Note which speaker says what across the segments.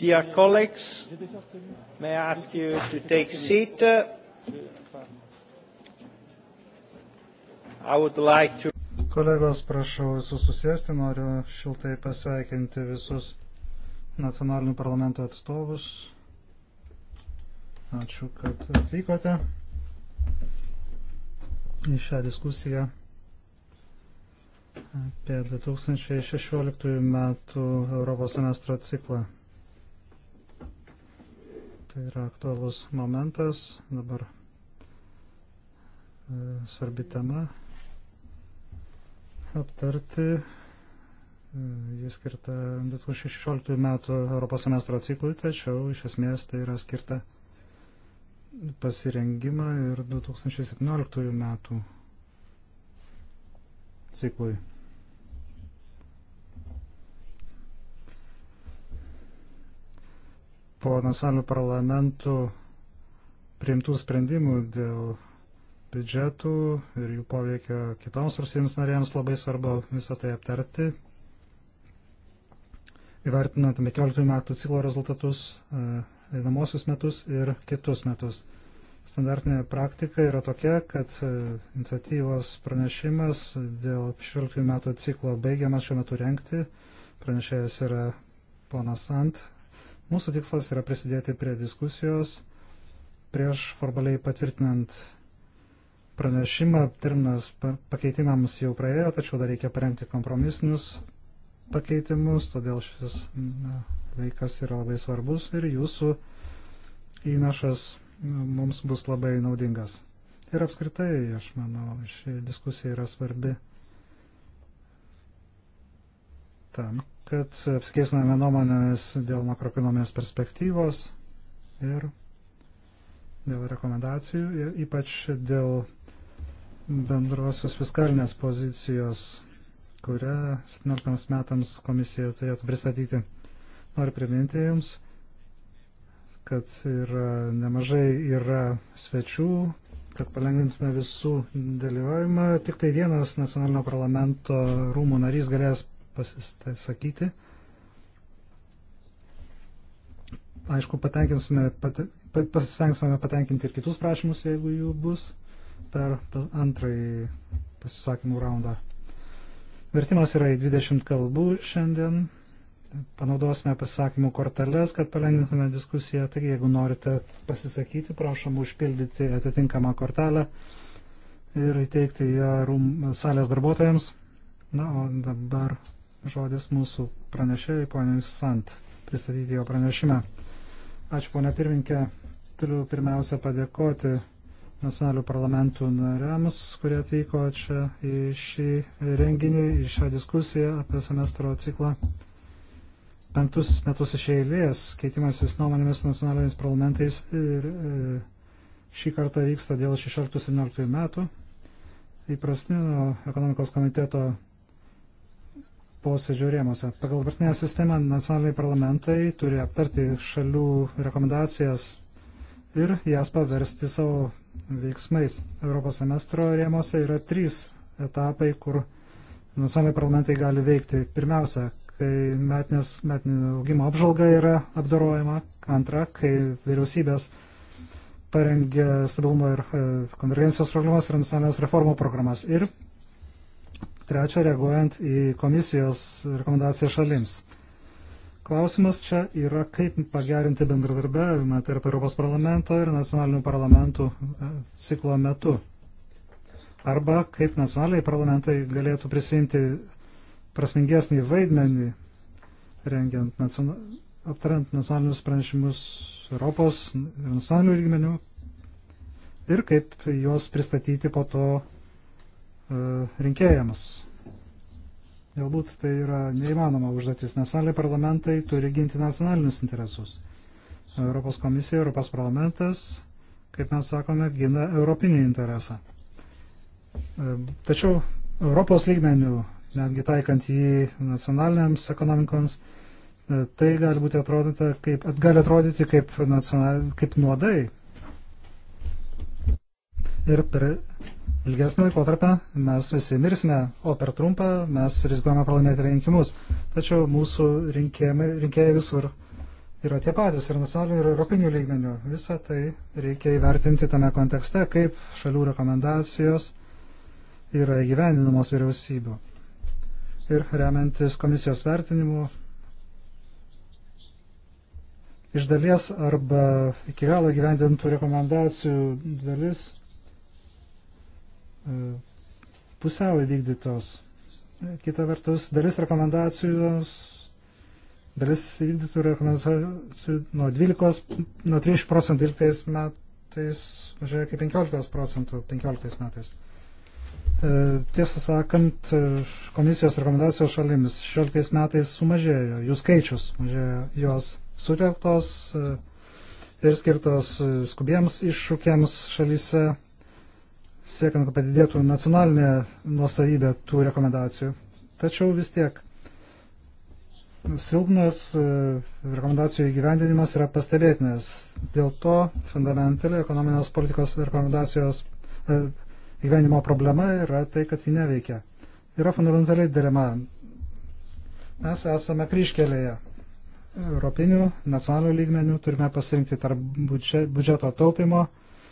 Speaker 1: Dear colleagues,
Speaker 2: may I ask you to take seat? I would like to... Kolegos, prašau visus susėsti, noriu šiltai pasveikinti visus nacionalinių parlamento atstovus. Ačiū, kad atvykote į šią diskusiją apie 2016 metų Europos semestro ciklą. Tai yra aktualus momentas, dabar e, svarbi tema aptarti. E, Jis skirta 2016 metų Europos semestro ciklui, tačiau iš esmės tai yra skirta pasirengimą ir 2017 metų ciklui. po nacionalinių parlamentų priimtų sprendimų dėl biudžetų ir jų poveikio kitoms valstybėms narėms labai svarbu visą tai aptarti. Įvertinant 15 metų ciklo rezultatus, e, einamosius metus ir kitus metus. Standartinė praktika yra tokia, kad e, iniciatyvos pranešimas dėl 16 metų ciklo baigiamas šiuo metu renkti. Pranešėjas yra ponas Ant, Mūsų tikslas yra prisidėti prie diskusijos prieš formaliai patvirtinant pranešimą. Terminas pakeitimams jau praėjo, tačiau dar reikia parengti kompromisinius pakeitimus, todėl šis laikas yra labai svarbus ir jūsų įnašas mums bus labai naudingas. Ir apskritai, aš manau, ši diskusija yra svarbi tam, kad apsikeisname nuomonėmis dėl makroekonomijos perspektyvos ir dėl rekomendacijų, ir ypač dėl bendrosios fiskalinės pozicijos, kurią 17 metams komisija turėtų pristatyti. Noriu priminti Jums, kad yra, nemažai yra svečių, kad palengvintume visų dalyvavimą. Tik tai vienas nacionalinio parlamento rūmų narys galės pasisakyti. Aišku, patenkinsime, pat, pasistengsime patenkinti ir kitus prašymus, jeigu jų bus, per antrąjį pasisakymų raundą. Vertimas yra į 20 kalbų šiandien. Panaudosime pasisakymų korteles, kad palengvintume diskusiją. Taigi, jeigu norite pasisakyti, prašom užpildyti atitinkamą kortelę ir įteikti ją rūm, salės darbuotojams. Na, o dabar žodis mūsų pranešėjai, poniai Sant, pristatyti jo pranešimą. Ačiū, ponia pirminkė. Turiu pirmiausia padėkoti nacionalių parlamentų nariams, kurie atvyko čia į šį renginį, į šią diskusiją apie semestro ciklą. Penktus metus iš eilės keitimasis nuomonėmis nacionaliniais parlamentais ir e, šį kartą vyksta dėl 16-17 metų. Įprastinio ekonomikos komiteto posėdžio rėmose. Pagal vartinę sistemą nacionaliniai parlamentai turi aptarti šalių rekomendacijas ir jas paversti savo veiksmais. Europos semestro rėmose yra trys etapai, kur nacionaliniai parlamentai gali veikti. Pirmiausia, kai metinės, metinio augimo apžalga yra apdarojama. Antra, kai vyriausybės parengė stabilumo ir e, konvergencijos programas ir nacionalinės reformų programas. Ir trečia, reaguojant į komisijos rekomendaciją šalims. Klausimas čia yra, kaip pagerinti bendradarbiavimą tarp Europos parlamento ir nacionalinių parlamentų e, ciklo metu. Arba kaip nacionaliniai parlamentai galėtų prisimti prasmingesnį vaidmenį, rengiant, naciona, aptariant nacionalinius pranešimus Europos ir nacionalinių lygmenių ir kaip juos pristatyti po to e, rinkėjams. Galbūt tai yra neįmanoma užduotis, nes salė parlamentai turi ginti nacionalinius interesus. Europos komisija, Europos parlamentas, kaip mes sakome, gina europinį interesą. E, tačiau Europos lygmenių, netgi taikant jį nacionaliniams ekonomikoms, e, tai gali būti atrodyti kaip, gali atrodyti kaip, nacional, kaip nuodai. Ir per ilgesnį laikotarpį mes visi mirsime, o per trumpą mes rizikuojame pralaimėti rinkimus. Tačiau mūsų rinkėjai visur yra tie patys ir nacionalinių, ir europinių lygmenių. Visą tai reikia įvertinti tame kontekste, kaip šalių rekomendacijos yra įgyvendinamos vyriausybių. Ir remiantis komisijos vertinimu, iš dalies arba iki galo gyvendintų rekomendacijų dalis E, pusiau įvykdytos. Kita vertus, dalis rekomendacijos, dalis įvykdytų rekomendacijų nuo 12, nuo 30 procentų 12 metais, mažiau kaip 15 procentų 15 metais. E, tiesą sakant, e, komisijos rekomendacijos šalimis 16 metais sumažėjo, jų skaičius mažėjo, jos sutelktos ir skirtos skubiems iššūkiams šalyse siekiant, kad padidėtų nacionalinė nuosavybė tų rekomendacijų. Tačiau vis tiek silpnas e, rekomendacijų įgyvendinimas yra pastebėtinas. Dėl to fundamentali ekonominės politikos rekomendacijos e, įgyvendimo problema yra tai, kad ji neveikia. Yra fundamentaliai dilema. Mes esame kryškelėje. Europinių, nacionalinių lygmenių turime pasirinkti tarp biudžeto taupimo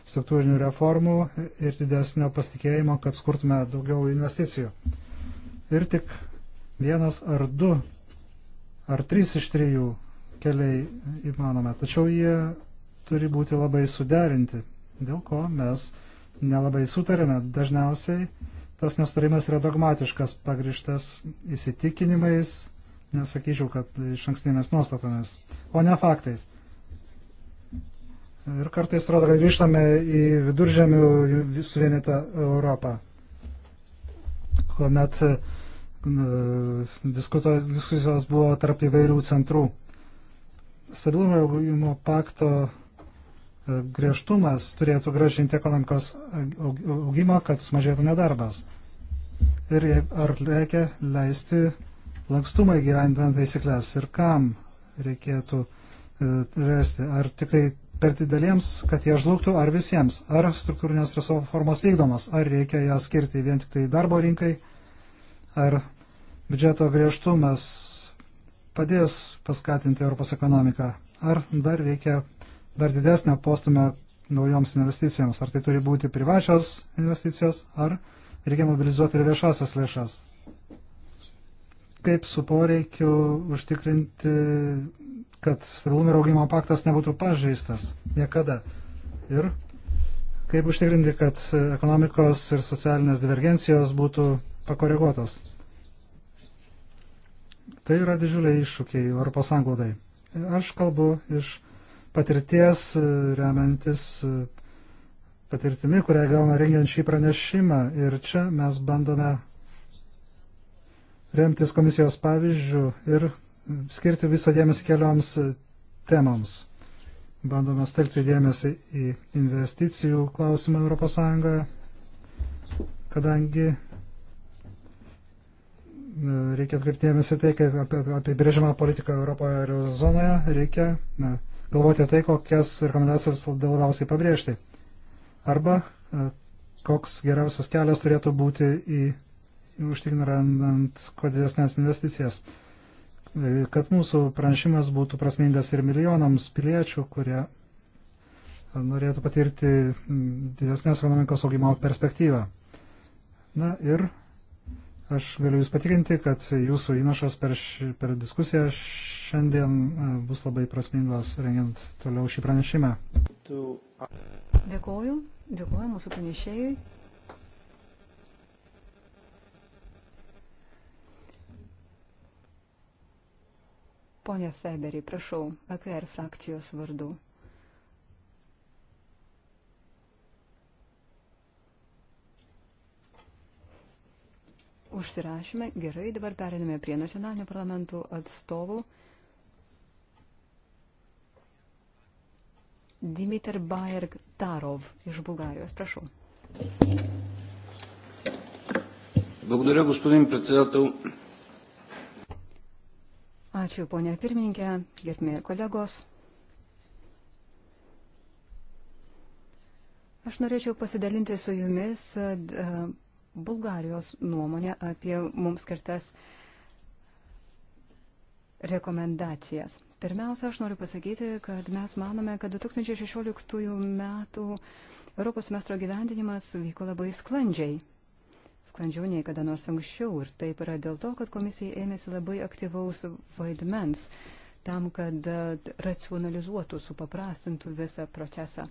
Speaker 2: struktūrinių reformų ir didesnio pasitikėjimo, kad skurtume daugiau investicijų. Ir tik vienas ar du ar trys iš trijų keliai įmanome. Tačiau jie turi būti labai suderinti, dėl ko mes nelabai sutarėme. Dažniausiai tas nesutarimas yra dogmatiškas, pagrištas įsitikinimais, nesakyčiau, kad iš ankstinėmis nuostatomis, o ne faktais. Ir kartais rodo, kad grįžtame į viduržemių suvienytą Europą, kuomet e, diskusijos buvo tarp įvairių centrų. Stabilumo augimo pakto e, griežtumas turėtų gražinti ekonomikos augimą, kad sumažėtų nedarbas. Ir ar reikia leisti lankstumą įgyvendinant taisyklės ir kam reikėtų leisti. Ar tik tai per dideliems, kad jie žlugtų, ar visiems, ar struktūrinės reformos vykdomos, ar reikia ją skirti vien tik tai darbo rinkai, ar biudžeto griežtumas padės paskatinti Europos ekonomiką, ar dar reikia dar didesnio postumio naujoms investicijoms, ar tai turi būti privačios investicijos, ar reikia mobilizuoti ir viešasias lėšas. Kaip su poreikiu užtikrinti kad stabilumo ir augimo paktas nebūtų pažeistas niekada. Ir kaip užtikrinti, kad ekonomikos ir socialinės divergencijos būtų pakoreguotos. Tai yra didžiuliai iššūkiai Europos sanglaudai. Aš kalbu iš patirties, e, remiantis e, patirtimi, kurią gavome rengiant šį pranešimą. Ir čia mes bandome remtis komisijos pavyzdžių ir skirti visą dėmesį kelioms e, temoms. Bandome stelkti dėmesį į investicijų klausimą ES, kadangi e, reikia atkreipti dėmesį tai, kad apie apibrėžimą politiką Europoje ir zonoje reikia na, galvoti tai, kokias rekomendacijas labiausiai pabrėžti. Arba e, koks geriausias kelias turėtų būti į užtikrinant kuo didesnės investicijas kad mūsų pranešimas būtų prasmingas ir milijonams piliečių, kurie norėtų patirti didesnės ekonomikos augimo perspektyvą. Na ir aš galiu Jūs patikinti, kad Jūsų įnašas per, ši, per diskusiją šiandien e, bus labai prasmingos rengiant toliau šį pranešimą.
Speaker 3: Dėkuoju, dėkuoju mūsų pranešėjai. Pone Feberi, prašau, AKR frakcijos vardu. Užsirašyme, gerai, dabar periname prie nacionalinio parlamentų atstovų. Dimitar Bajerg Tarov iš Bulgarijos. Прошу.
Speaker 1: Благодаря, господин председател.
Speaker 3: Ačiū, ponė pirmininkė, gerbimi kolegos. Aš norėčiau pasidalinti su jumis e, e, Bulgarijos nuomonę apie mums skirtas rekomendacijas. Pirmiausia, aš noriu pasakyti, kad mes manome, kad 2016 metų Europos semestro gyvendinimas vyko labai sklandžiai sklandžiau nei kada nors anksčiau. Ir taip yra dėl to, kad komisija ėmėsi labai aktyvaus vaidmens tam, kad e, racionalizuotų, supaprastintų visą procesą.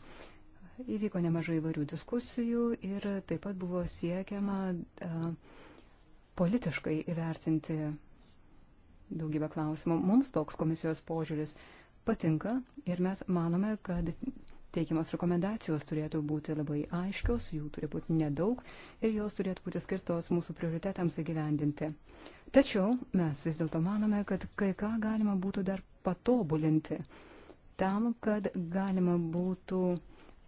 Speaker 3: Įvyko nemažai įvairių diskusijų ir taip pat buvo siekiama a, e, politiškai įvertinti daugybę klausimų. Mums toks komisijos požiūris patinka ir mes manome, kad teikiamas rekomendacijos turėtų būti labai aiškios, jų turi būti nedaug ir jos turėtų būti skirtos mūsų prioritetams įgyvendinti. Tačiau mes vis dėlto manome, kad kai ką galima būtų dar patobulinti tam, kad galima būtų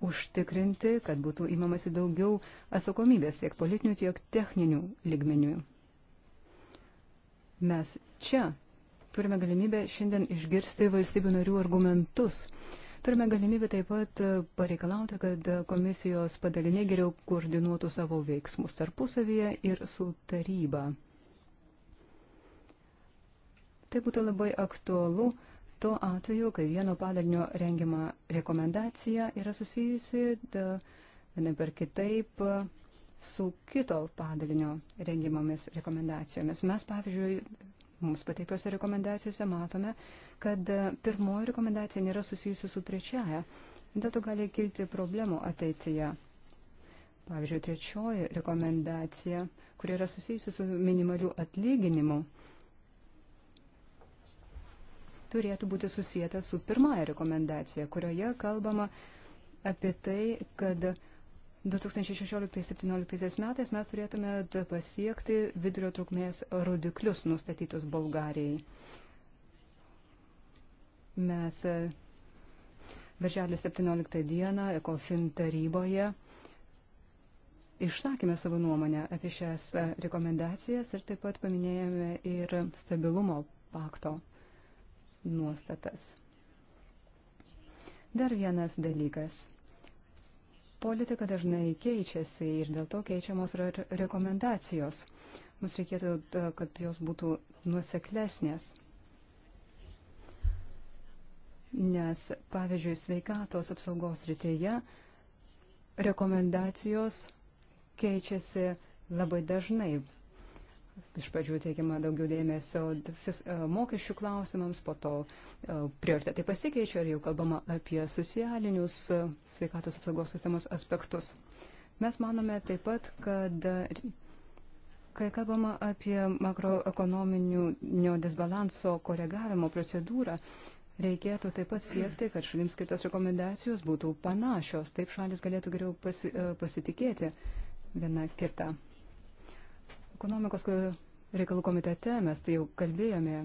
Speaker 3: užtikrinti, kad būtų įmamasi daugiau atsakomybės tiek politinių, tiek techninių ligmenių. Mes čia turime galimybę šiandien išgirsti valstybių narių argumentus Turime galimybę taip pat e, pareikalauti, kad komisijos padaliniai geriau koordinuotų savo veiksmus tarpusavyje ir su taryba. Tai būtų labai aktualu tuo atveju, kai vieno padalinio rengiama rekomendacija yra susijusi vienai per kitaip su kito padalinio rengiamomis rekomendacijomis. Mes, pavyzdžiui, mums pateiktose rekomendacijose matome, kad pirmoji rekomendacija nėra susijusi su trečiaja. Dėl to gali kilti problemų ateityje. Pavyzdžiui, trečioji rekomendacija, kuri yra susijusi su minimaliu atlyginimu, turėtų būti susijęta su pirmąja rekomendacija, kurioje kalbama apie tai, kad 2016-2017 metais mes turėtume pasiekti vidurio trukmės rodiklius nustatytus Bulgarijai. Mes e, Birželio 17 dieną ECOFIN taryboje išsakėme savo nuomonę apie šias e, rekomendacijas ir taip pat paminėjome ir stabilumo pakto nuostatas. Dar vienas dalykas – Politika dažnai keičiasi ir dėl to keičiamos yra rekomendacijos. Mums reikėtų, e, kad jos būtų nuseklesnės. Nes, pavyzdžiui, sveikatos apsaugos rytėje rekomendacijos keičiasi labai dažnai. Iš pradžių teikiama daugiau dėmesio e, mokesčių klausimams, po to e, prioritetai pasikeičia ir jau kalbama apie socialinius e, sveikatos apsaugos sistemos aspektus. Mes manome taip pat, kad kai kalbama apie makroekonominio disbalanso koregavimo procedūrą, reikėtų taip pat siekti, kad šalims skirtos rekomendacijos būtų panašios, taip šalis galėtų geriau pasi, pasitikėti viena kita. Ekonomikos reikalų komitete mes tai jau kalbėjome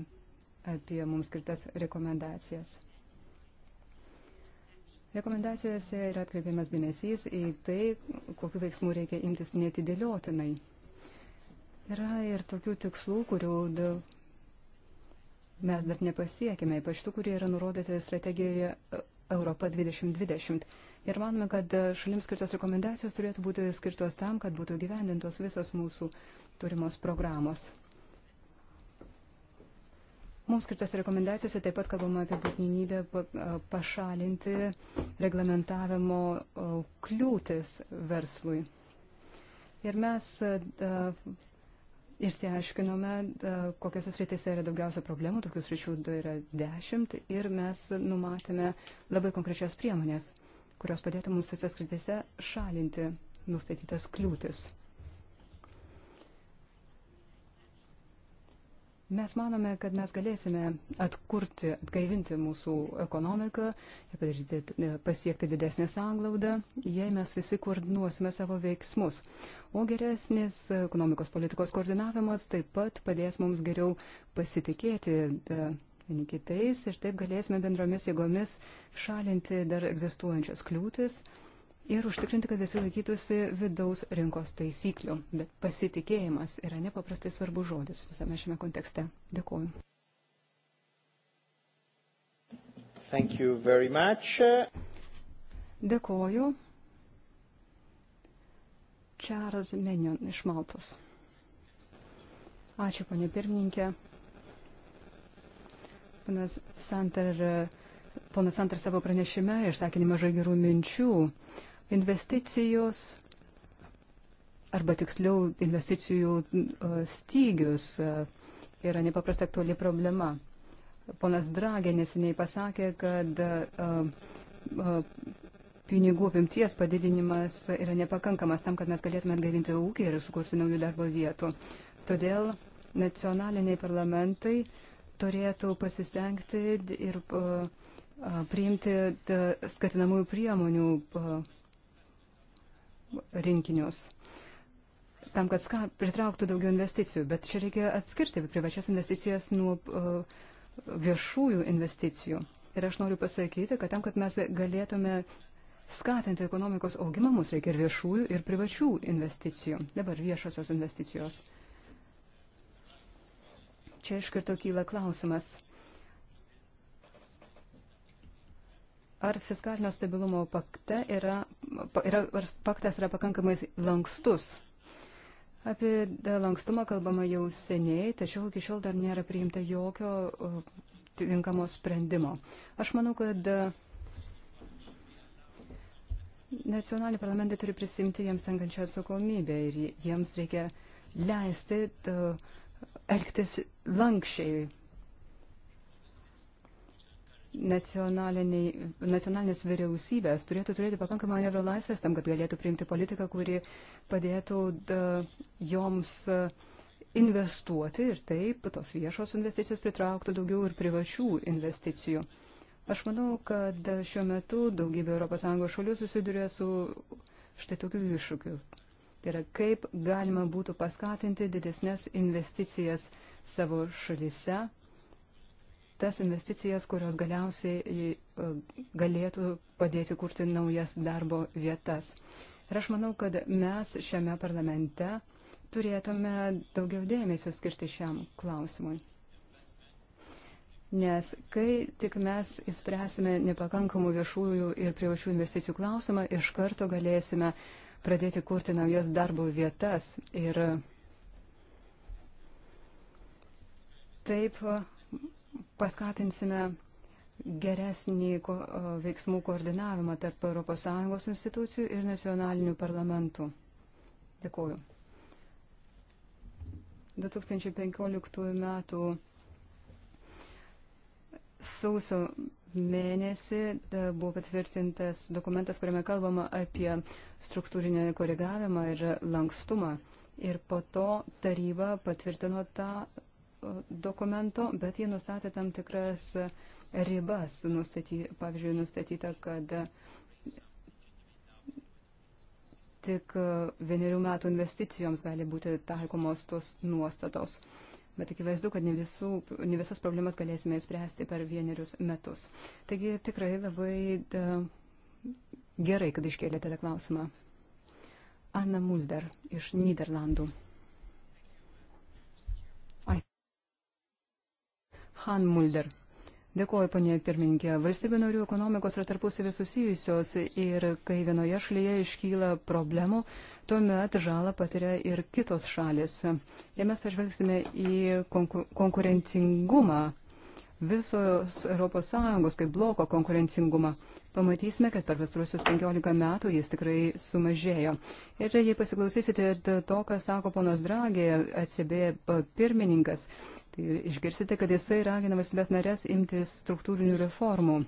Speaker 3: apie mums skirtas rekomendacijas. Rekomendacijose yra atkreipiamas dėmesys į tai, kokiu veiksmu reikia imtis netidėliotinai. Yra ir tokių tikslų, kurių mes dar nepasiekime, ypač tų, kurie yra nurodyti strategijoje e, Europa 2020. Ir manome, kad e, šalims skirtos rekomendacijos turėtų būti skirtos tam, kad būtų gyvendintos visos mūsų uh, turimos programos. Mums skirtas rekomendacijose taip pat kalbama apie būtinybę pašalinti reglamentavimo kliūtis verslui. Ir mes Išsiaiškinome, kokiuose srityse yra daugiausia problemų, tokių sričių yra dešimt ir mes numatėme labai konkrečias priemonės, kurios padėtų mums visose srityse šalinti nustatytas kliūtis. Mes manome, kad mes galėsime atkurti, atgaivinti mūsų ekonomiką ir padaryti, e, pasiekti didesnį sąnglaudą, jei mes visi koordinuosime savo veiksmus. O geresnis ekonomikos politikos koordinavimas taip pat padės mums geriau pasitikėti e, vieni kitais ir taip galėsime bendromis jėgomis šalinti dar egzistuojančias kliūtis ir užtikrinti, kad visi laikytųsi vidaus rinkos taisyklių. Bet pasitikėjimas yra nepaprastai svarbus žodis visame šiame kontekste. Dėkuoju. Dėkuoju. Čaras Menion iš Maltos. Ačiū, ponė pirmininkė. Ponas Santar, ponas Santar savo pranešime išsakė nemažai gerų minčių. Uh, investicijos arba tiksliau investicijų e, stygius e, yra nepaprasta aktuali problema. Ponas Dragė nesiniai pasakė, kad e, pinigų apimties padidinimas yra nepakankamas tam, kad mes galėtume atgaivinti ūkį ir sukurti naujų darbo vietų. Todėl nacionaliniai parlamentai turėtų pasistengti ir priimti skatinamųjų priemonių rinkinius tam, kad ska, pritrauktų daugiau investicijų, bet čia reikia atskirti privačias investicijas nuo uh, viešųjų investicijų. Ir aš noriu pasakyti, kad tam, kad mes galėtume skatinti ekonomikos augimą, mums reikia ir viešųjų, ir privačių investicijų. Dabar viešosios investicijos. Čia iš karto kyla klausimas, ar fiskalinio stabilumo pakte yra, yra, ar paktas yra pakankamai lankstus. Apie lankstumą kalbama jau seniai, tačiau iki šiol dar nėra priimta jokio tinkamo sprendimo. Aš manau, kad nacionaliniai parlamentai turi prisimti jiems tenkančią atsakomybę ir jiems reikia leisti elgtis lankščiai nacionalinės vyriausybės turėtų turėti pakankamą manevro laisvės tam, kad galėtų priimti politiką, kuri padėtų da, joms investuoti ir taip tos viešos investicijos pritrauktų daugiau ir privačių investicijų. Aš manau, kad šiuo metu daugybė ES šalių susiduria su štai tokiu iššūkiu. Tai yra, kaip galima būtų paskatinti didesnės investicijas savo šalyse tas investicijas, kurios galiausiai e, galėtų padėti kurti naujas darbo vietas. Ir aš manau, kad mes šiame parlamente turėtume daugiau dėmesio skirti šiam klausimui. Nes kai tik mes įspręsime nepakankamų viešųjų ir privačių investicijų klausimą, iš karto galėsime pradėti kurti naujas darbo vietas. Ir taip paskatinsime geresnį veiksmų koordinavimą tarp ES institucijų ir nacionalinių parlamentų. Dėkuoju. 2015 m. sausio mėnesį buvo patvirtintas dokumentas, kuriame kalbama apie struktūrinį koregavimą ir lankstumą. Ir po to taryba patvirtino tą dokumento, bet jie nustatė tam tikras ribas. Nustaty, pavyzdžiui, nustatyta, kad tik vienerių metų investicijoms gali būti taikomos tos nuostatos. Bet akivaizdu, kad ne, visų, ne visas problemas galėsime spręsti per vienerius metus. Taigi tikrai labai da, gerai, kad iškėlėte tą klausimą. Anna Mulder iš Niderlandų. Mm. Han Mulder. Dėkuoju, panė pirmininkė. Valstybių narių ekonomikos yra tarpusavį susijusios ir kai vienoje šalyje iškyla problemų, tuomet žalą patiria ir kitos šalis. Jei mes pažvelgsime į konkurencingumą visos ES kaip bloko konkurencingumą, pamatysime, kad per pastarusius 15 metų jis tikrai sumažėjo. Ir jei pasiklausysite to, ką sako ponas Dragė, atsibė pirmininkas, tai išgirsite, kad jisai ragina valstybės narės imtis struktūrinių reformų.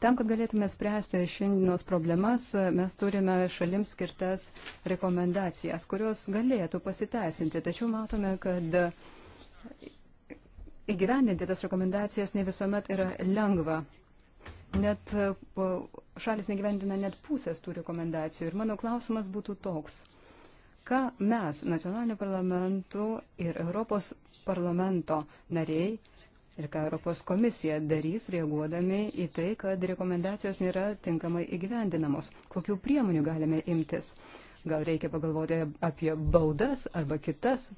Speaker 3: Tam, kad galėtume spręsti šiandienos problemas, mes turime šalims skirtas rekomendacijas, kurios galėtų pasiteisinti. Tačiau matome, kad įgyvendinti tas rekomendacijas ne visuomet yra lengva net šalis negyvendina net pusės tų rekomendacijų. Ir mano klausimas būtų toks. Ką mes, nacionalinių parlamentų ir Europos parlamento nariai, ir ką Europos komisija darys reaguodami į tai, kad rekomendacijos nėra tinkamai įgyvendinamos? Kokių priemonių galime imtis? Gal reikia pagalvoti apie baudas arba kitas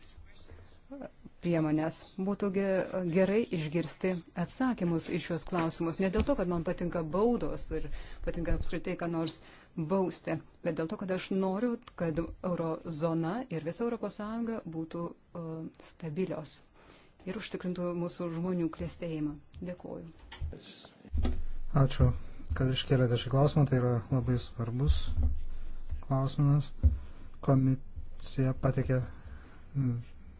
Speaker 3: priemonės. Būtų gerai išgirsti atsakymus iš šios klausimus. Ne dėl to, kad man patinka baudos ir patinka apskritai, ką nors bausti, bet dėl to, kad aš noriu, kad eurozona ir visa ES būtų uh, stabilios ir užtikrintų mūsų žmonių klėstėjimą. Dėkuoju.
Speaker 2: Ačiū, kad iškėlėte šį klausimą. Tai yra labai svarbus klausimas. Komisija patikė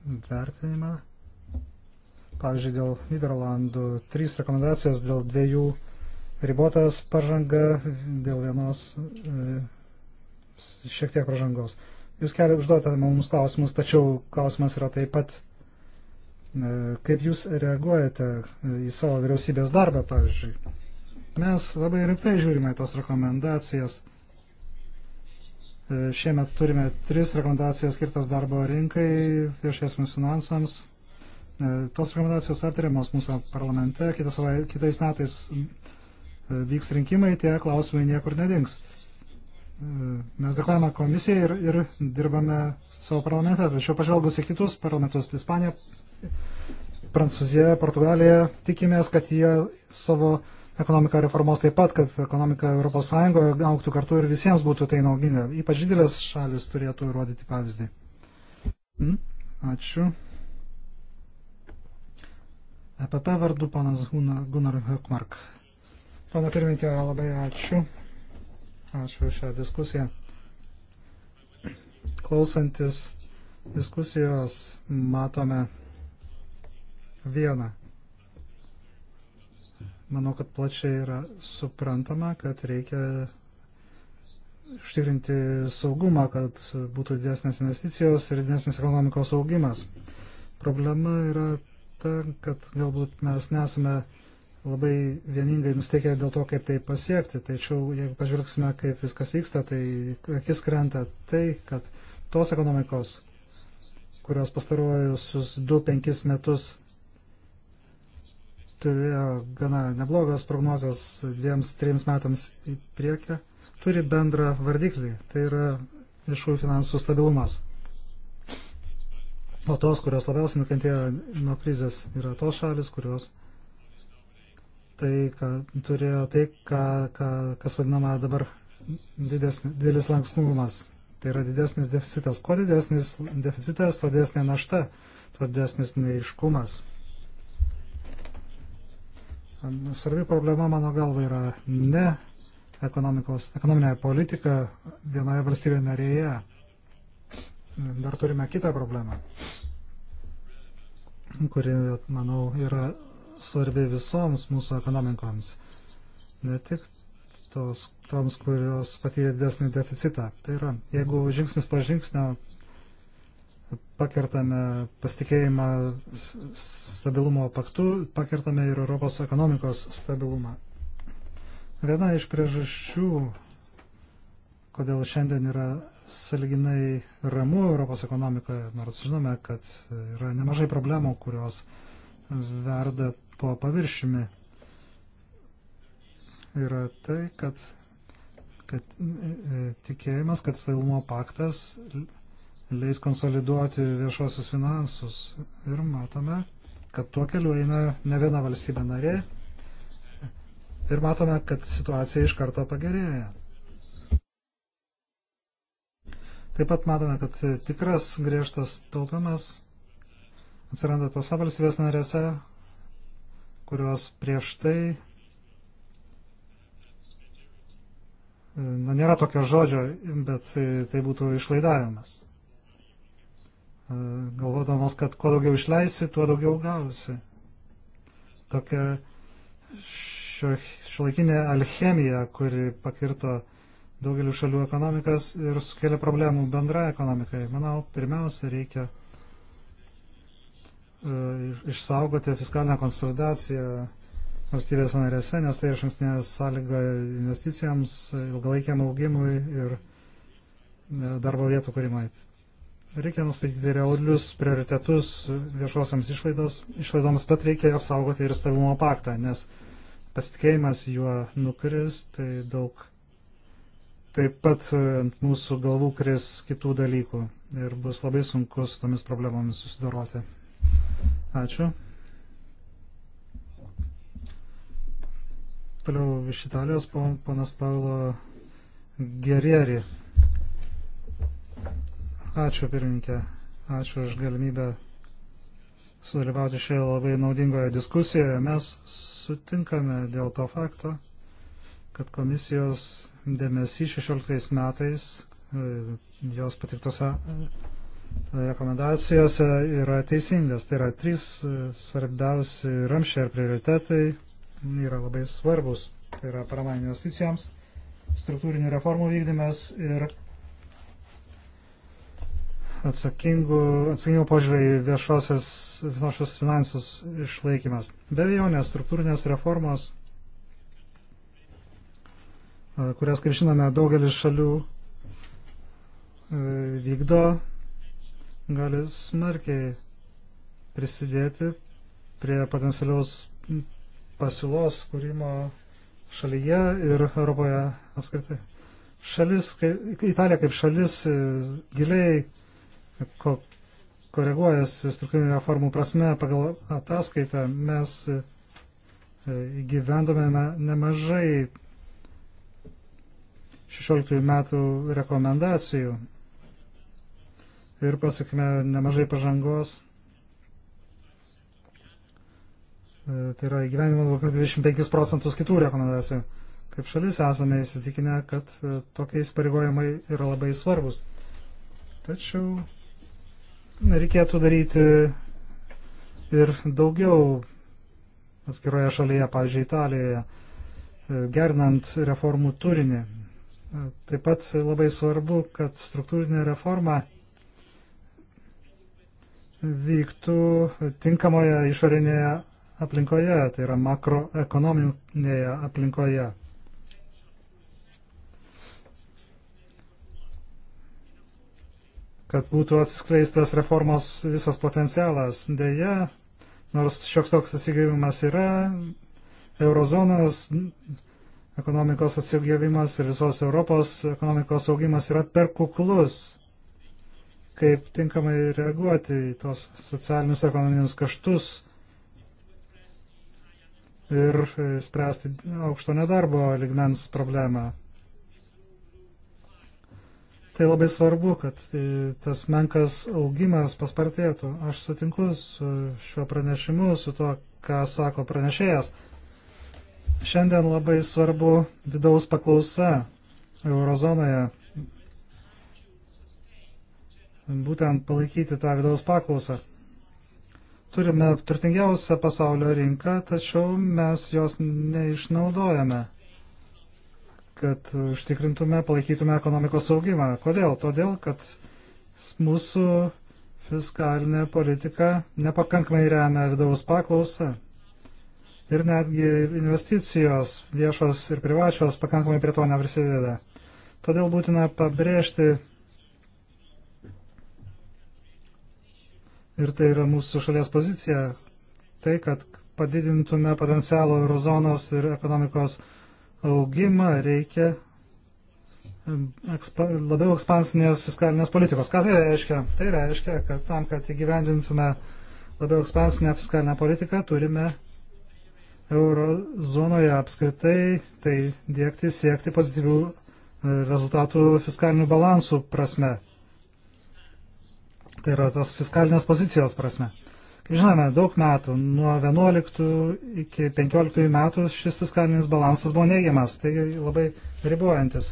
Speaker 2: vertinimą. Pavyzdžiui, dėl Niderlandų trys rekomendacijos dėl dviejų ribotas pažanga, dėl vienos e, šiek tiek pažangos. Jūs keli užduotą mums klausimus, tačiau klausimas yra taip pat, e, kaip jūs reaguojate e, į savo vyriausybės darbą, pavyzdžiui. Mes labai rimtai žiūrime tos rekomendacijas E, šiemet turime tris rekomendacijas skirtas darbo rinkai, viešiesiams finansams. E, tos rekomendacijos aptariamos mūsų parlamente, kitais metais e, vyks rinkimai, tie klausimai niekur nedings. Mes dėkojame komisijai ir, ir dirbame savo parlamente, tačiau pažvelgus į kitus parlamentus, Ispanija, Prancūzija, Portugalija, tikimės, kad jie savo uh, ekonomiką reformos taip pat, kad ekonomika ES auktų kartu ir visiems būtų tai naudinga. Ypač didelės šalis turėtų rodyti pavyzdį. Hmm? Ačiū. EPP vardu panas Gunnar Hökmark. Pana pirmininkė, labai ačiū. Ačiū šią diskusiją. Klausantis diskusijos matome vieną Manau, kad plačiai yra suprantama, kad reikia užtikrinti saugumą, kad būtų didesnės investicijos ir didesnis ekonomikos augimas. Problema yra ta, kad galbūt mes nesame labai vieningai nusteikę dėl to, kaip tai pasiekti. Tačiau, jeigu pažvelgsime, kaip viskas vyksta, tai akis krenta tai, kad tos ekonomikos, kurios pastaruojusius 2-5 metus turėjo gana neblogas prognozes dviems, trims metams į priekį, turi bendrą vardiklį, tai yra viešųjų finansų stabilumas. O tos, kurios labiausiai nukentėjo nuo krizės, yra tos šalis, kurios tai, ką turėjo tai, ką, ką, kas vadinama dabar didesnis, didelis lankstumas. Tai yra didesnis deficitas. Kuo didesnis deficitas, tuo didesnė našta, tuo didesnis neiškumas. Svarbi problema, mano galva, yra ne ekonominė politika vienoje valstybėje narėje. Dar turime kitą problemą, kuri, manau, yra svarbi visoms mūsų ekonomikoms. Ne tik tos, toms, kurios patyrė didesnį deficitą. Tai yra, jeigu žingsnis po žingsnio pakertame pasitikėjimą stabilumo paktu, pakertame ir Europos ekonomikos stabilumą. Viena iš priežasčių, kodėl šiandien yra salginai ramu Europos ekonomikoje, nors žinome, kad yra nemažai problemų, kurios verda po paviršimi, yra tai, kad, kad e, e, tikėjimas, kad stabilumo paktas leis konsoliduoti viešuosius finansus. Ir matome, kad tuo keliu eina ne viena valstybė narė. Ir matome, kad situacija iš karto pagerėja. Taip pat matome, kad tikras griežtas taupimas atsiranda tose valstybės narėse, kurios prieš tai na, nėra tokio žodžio, bet tai būtų išlaidavimas galvodamas, kad kuo daugiau išleisi, tuo daugiau gausi. Tokia šio, šiolaikinė alchemija, kuri pakirto daugeliu šalių ekonomikas ir sukelia problemų bendra ekonomikai. Manau, pirmiausia, reikia e, išsaugoti fiskalinę konsolidaciją valstybės narėse, nes tai iš ankstinės sąlyga investicijoms, ilgalaikiam augimui ir e, darbo vietų kūrimai. Reikia nustatyti realius prioritetus viešosiams išlaidos, išlaidoms, bet reikia apsaugoti ir stabilumo paktą, nes pasitikėjimas juo nukris, tai daug taip pat e, ant mūsų galvų kris kitų dalykų ir bus labai sunku su tomis problemomis susidoroti. Ačiū. Toliau iš Italijos ponas Paulo Gerieri. Ačiū pirmininkė, ačiū už galimybę sudalyvauti šioje labai naudingoje diskusijoje. Mes sutinkame dėl to fakto, kad komisijos dėmesys 16 metais e, jos patiktose e, rekomendacijose yra teisingas. Tai yra trys e, svarbiausi ramšiai ir prioritetai yra labai svarbus. Tai yra parama investicijoms, struktūrinių reformų vykdymas ir atsakingo požiūrį į viešosios finansus išlaikymas. Be abejonės, struktūrinės reformos, kurias, kaip žinome, daugelis šalių vykdo, gali smarkiai prisidėti prie potencialios pasiūlos kūrimo šalyje ir Europoje apskritai. Šalis, Italija kaip šalis e, giliai koreguojasi struktūrinių reformų prasme pagal ataskaitą, mes e, gyvendome nemažai 16 metų rekomendacijų ir pasakime nemažai pažangos. E, tai yra įgyvenimo daugiau 25 procentus kitų rekomendacijų. Kaip šalis esame įsitikinę, kad e, tokie įsipareigojimai yra labai svarbus. Tačiau reikėtų daryti ir daugiau atskiroje šalyje, pavyzdžiui, Italijoje, gernant reformų turinį. Taip pat labai svarbu, kad struktūrinė reforma vyktų tinkamoje išorinėje aplinkoje, tai yra makroekonominėje aplinkoje. kad būtų atskleistas reformos visas potencialas. Deja, nors šioks toks atsigavimas yra, eurozonos ekonomikos atsigavimas ir visos Europos ekonomikos augimas yra per kuklus. Kaip tinkamai reaguoti į tos socialinius ekonominius kaštus ir e, spręsti aukšto nedarbo ligmens problemą. Tai labai svarbu, kad e, tas menkas augimas paspartėtų. Aš sutinku su šiuo pranešimu, su to, ką sako pranešėjas. Šiandien labai svarbu vidaus paklausa eurozonoje. Būtent palaikyti tą vidaus paklausą. Turime turtingiausią pasaulio rinką, tačiau mes jos neišnaudojame kad užtikrintume, palaikytume ekonomikos augimą. Kodėl? Todėl, kad mūsų fiskalinė politika nepakankamai remia vidaus paklausą. Ir netgi investicijos viešos ir privačios pakankamai prie to neprisideda. Todėl būtina pabrėžti, ir tai yra mūsų šalies pozicija, tai, kad padidintume potencialų eurozonos ir ekonomikos augimą augimą reikia ekspa, labiau ekspansinės fiskalinės politikos. Ką tai reiškia? Tai reiškia, kad tam, kad įgyvendintume labiau ekspansinę fiskalinę politiką, turime eurozonoje apskritai tai dėkti, siekti pozityvių e, rezultatų fiskalinių balansų prasme. Tai yra tos fiskalinės pozicijos prasme. Kaip žinome, daug metų, nuo 11 iki 15 metų šis fiskalinis balansas buvo neigiamas, tai labai ribojantis.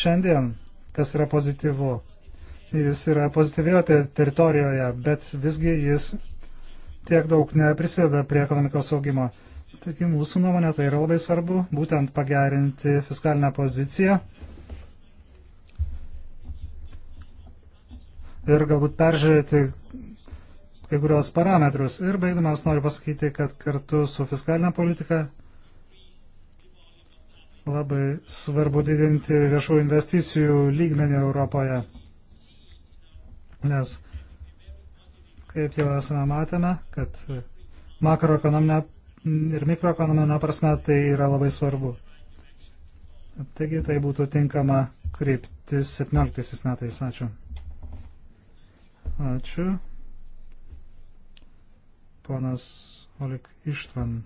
Speaker 2: Šiandien, kas yra pozityvu, jis yra pozityvioje teritorijoje, bet visgi jis tiek daug neprisideda prie ekonomikos augimo. Taigi mūsų nuomonė tai yra labai svarbu, būtent pagerinti fiskalinę poziciją ir galbūt peržiūrėti kai kurios parametrus. Ir baigdamas noriu pasakyti, kad kartu su fiskalinė politika labai svarbu didinti viešų investicijų lygmenį Europoje. Nes, kaip jau esame matėme, kad makroekonominė ir mikroekonominė prasme tai yra labai svarbu. Taigi tai būtų tinkama kryptis 17 metais. Ačiū. Ačiū ponas Olik Ištvan,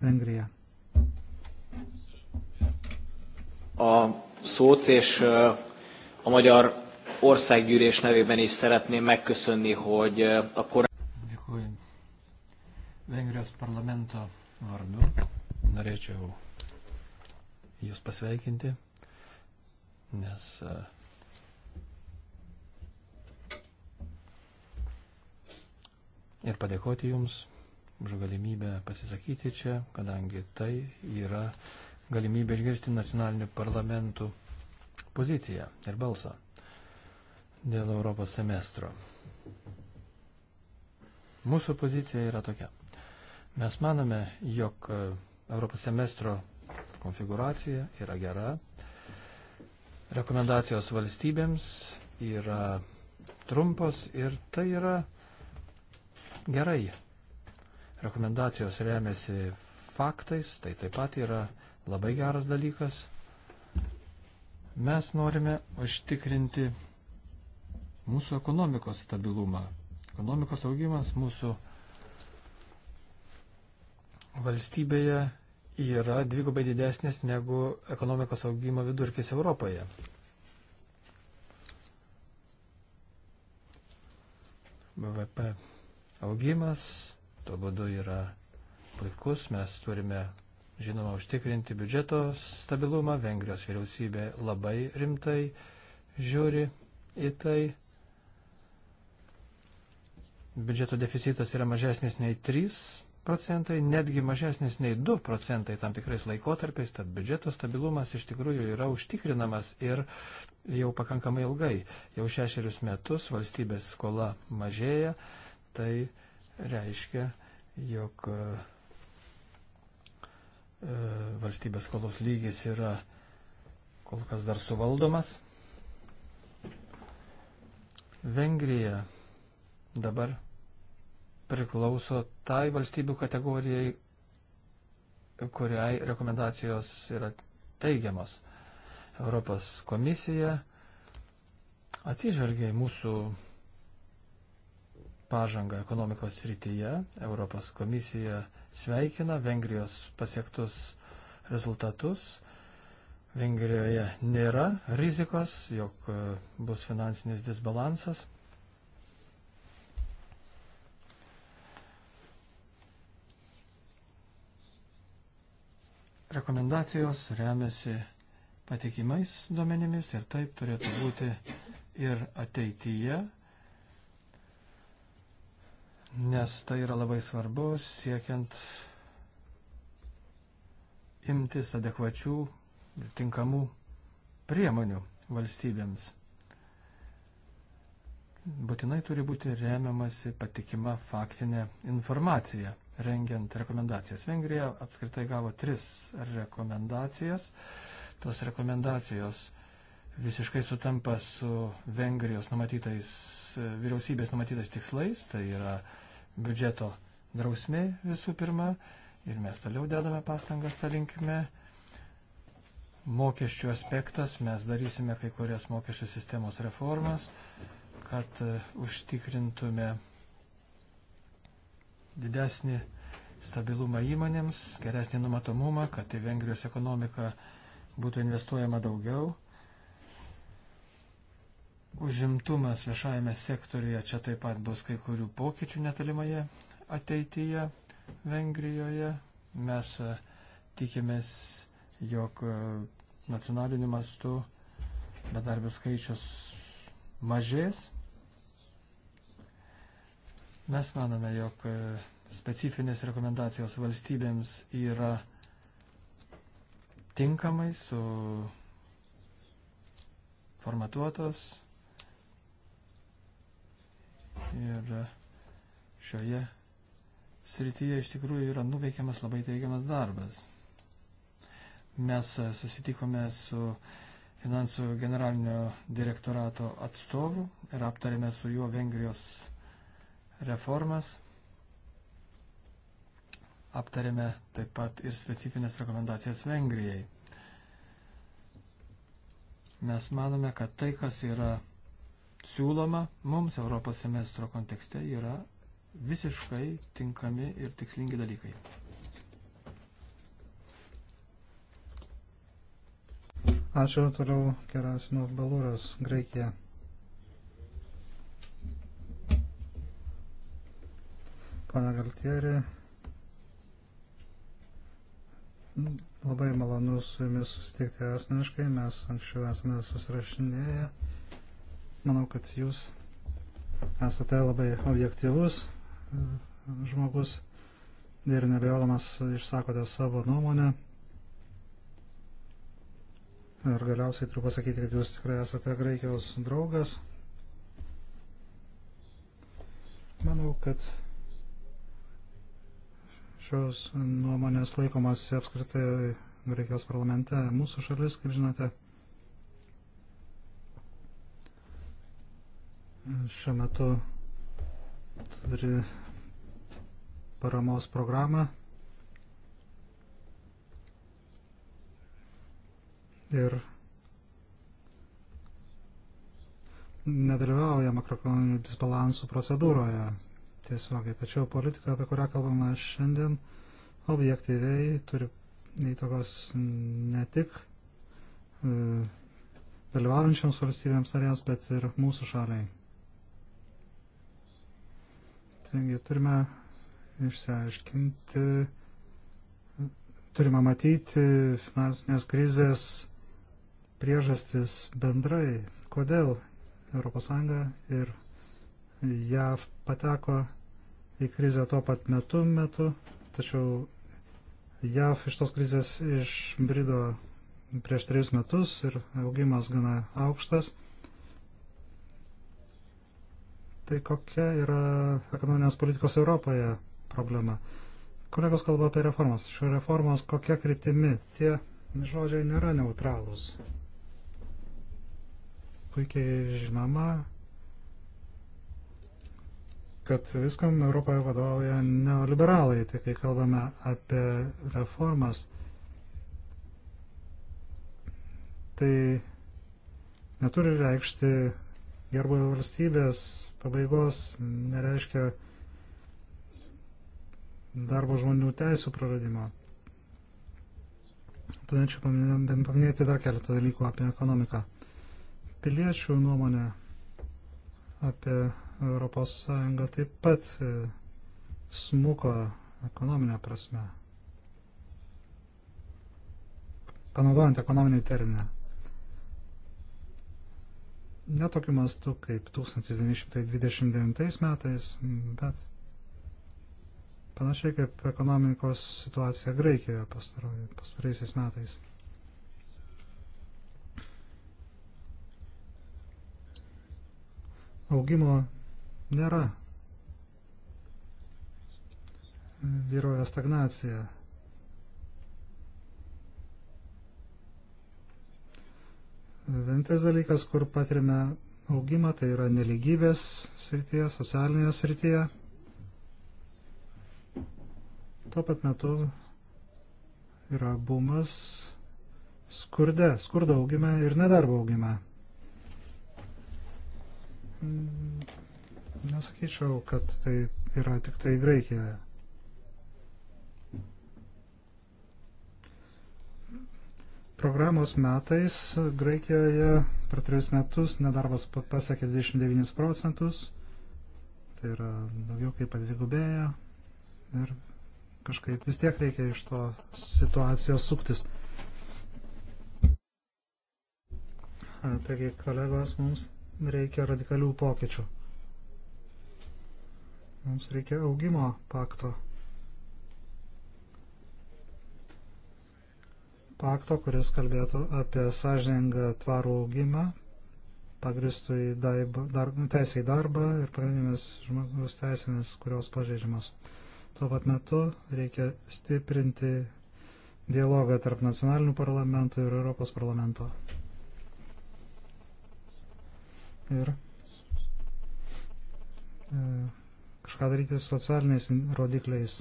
Speaker 2: Vengrija.
Speaker 1: A szót és a magyar országgyűlés nevében is szeretném megköszönni, hogy a korábbi... Dėkuoju. Vengrijos parlamento vardu norėčiau Jūs pasveikinti, nes uh, ir padėkoti Jums už galimybę pasisakyti čia, kadangi tai yra galimybė išgirsti nacionalinių parlamentų poziciją ir balsą dėl Europos semestro. Mūsų pozicija yra tokia. Mes manome, jog Europos semestro konfiguracija yra gera. Rekomendacijos valstybėms yra trumpos ir tai yra Gerai, rekomendacijos remiasi faktais, tai taip pat yra labai geras dalykas. Mes norime užtikrinti mūsų ekonomikos stabilumą. Ekonomikos augimas mūsų valstybėje yra dvigubai didesnis negu ekonomikos augimo vidurkis Europoje. BVP augimas, tuo būdu yra puikus, mes turime, žinoma, užtikrinti biudžeto stabilumą, Vengrijos vyriausybė labai rimtai žiūri į tai. Biudžeto deficitas yra mažesnis nei 3 procentai, netgi mažesnis nei 2 procentai tam tikrais laikotarpiais, tad biudžeto stabilumas iš tikrųjų yra užtikrinamas ir jau pakankamai ilgai. Jau šešerius metus valstybės skola mažėja, tai reiškia, jog e, e, valstybės skolos lygis yra kol kas dar suvaldomas. Vengrija dabar priklauso tai valstybių kategorijai, kuriai rekomendacijos yra teigiamas. Europos komisija atsižvelgia į mūsų pažangą ekonomikos srityje. Europos komisija sveikina Vengrijos pasiektus rezultatus. Vengrijoje nėra rizikos, jog e, bus finansinis disbalansas. Rekomendacijos remiasi patikimais duomenimis ir taip turėtų būti ir ateityje nes tai yra labai svarbu siekiant imtis adekvačių ir tinkamų priemonių valstybėms. Būtinai turi būti remiamasi patikima faktinė informacija rengiant rekomendacijas. Vengrija apskritai gavo tris rekomendacijas. Tos rekomendacijos visiškai sutampa su Vengrijos numatytais, e, vyriausybės numatytais tikslais, tai yra biudžeto drausmė visų pirma, ir mes toliau dedame pastangas tą linkime. Mokesčių aspektas, mes darysime kai kurias mokesčių sistemos reformas, kad e, užtikrintume didesnį stabilumą įmonėms, geresnį numatomumą, kad į Vengrijos ekonomiką būtų investuojama daugiau. Užimtumas viešajame sektoriuje čia taip pat bus kai kurių pokyčių netolimoje ateityje Vengrijoje. Mes e, tikimės, jog e, nacionaliniu mastu bedarbių skaičius mažės. Mes manome, jog e, specifinės rekomendacijos valstybėms yra tinkamai su formatuotos Ir e, šioje srityje iš tikrųjų yra nuveikiamas labai teigiamas darbas. Mes e, susitikome su finansų generalinio direktorato atstovu ir aptarėme su juo Vengrijos reformas. Aptarėme taip pat ir specifines rekomendacijas Vengrijai. Mes manome, kad tai, kas yra siūloma mums Europos semestro kontekste yra visiškai tinkami ir tikslingi dalykai.
Speaker 2: Ačiū toliau Kerasimov Balūras, Graikija. Pana Galtieri, labai malonu su jumis susitikti asmeniškai, mes anksčiau esame susirašinėję Manau, kad jūs esate labai objektivus e, žmogus ir nebejodamas išsakote savo nuomonę. Ir galiausiai turiu pasakyti, kad jūs tikrai esate Graikijos draugas. Manau, kad šios nuomonės laikomasi apskritai Graikijos parlamente. Mūsų šalis, kaip žinote, šiuo metu turi paramos programą ir nedalyvauja makroekonominių disbalansų procedūroje tiesiogiai. Tačiau politika, apie kurią kalbame šiandien, objektyviai turi įtakos ne tik e, dalyvaujančioms valstybėms narėms, bet ir mūsų šaliai. Taigi turime išsiaiškinti, turime matyti finansinės krizės priežastis bendrai, kodėl ES ir JAV pateko į krizę tuo pat metu, metu tačiau JAV iš tos krizės išbrido prieš trejus metus ir augimas gana aukštas. tai kokia yra ekonominės politikos Europoje problema? Kolegos kalba apie reformas. Šio reformos kokia kryptimi? Tie žodžiai nėra neutralūs. Puikiai žinoma, kad viskam Europoje vadovauja neoliberalai. Tai kai kalbame apie reformas, tai neturi reikšti gerbuvio valstybės pabaigos nereiškia darbo žmonių teisų praradimo. Turėčiau paminėti dar keletą dalykų apie ekonomiką. Piliečių nuomonė apie ES taip pat e, smuko ekonominė prasme. Panaudojant ekonominį terminą netokiu mastu kaip 1929 metais, bet panašiai kaip ekonomikos situacija Graikijoje pastaraisiais metais. Augimo nėra. Vyroja stagnacija. Vintas dalykas, kur patirime augimą, tai yra neligybės srityje, socialinėje srityje. Tuo pat metu yra bumas skurde, skurdo augime ir nedarbo augime. Mm, nesakyčiau, kad tai yra tik tai Graikijoje. programos metais Graikijoje per trejus metus nedarbas pasiekė 29 procentus, tai yra daugiau kaip padvigubėjo ir kažkaip vis tiek reikia iš to situacijos suktis. Taigi, kolegos, mums reikia radikalių pokyčių. Mums reikia augimo pakto. pakto, kuris kalbėtų apie sąžiningą tvarų augimą, pagristų į dar, teisę į darbą ir pagrindinėmis žmogaus teisėmis, kurios pažeidžiamos. Tuo pat metu reikia stiprinti dialogą tarp nacionalinių parlamentų ir Europos parlamento. Ir e, kažką daryti su socialiniais rodikliais.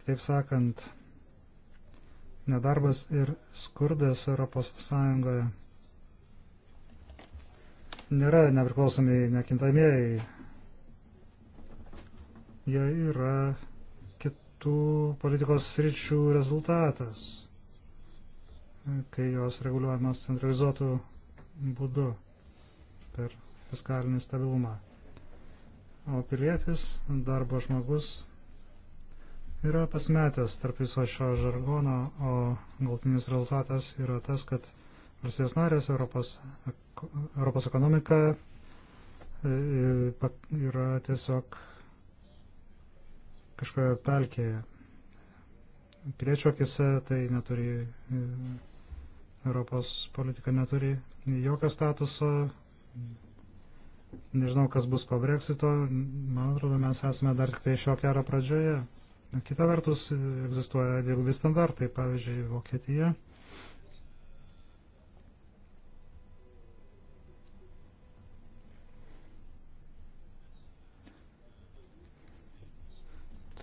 Speaker 2: Kitaip sakant, nedarbas ir skurdas ES nėra nepriklausomi nekintamieji. Jie yra kitų politikos sričių rezultatas, kai jos reguliuojamas centralizuotų būdu per fiskalinį stabilumą. O pilietis, darbo žmogus yra pasmetęs tarp viso šio žargono, o galtinis rezultatas yra tas, kad valstybės narės Europos, Europos ekonomika e, yra tiesiog kažkoje pelkėje. Piliečių akise tai neturi, e, Europos politika neturi jokio statuso. Nežinau, kas bus po Brexito. Man atrodo, mes esame dar tik tai šio kero pradžioje. Kita vertus, egzistuoja dvigubi standartai, pavyzdžiui, Vokietija.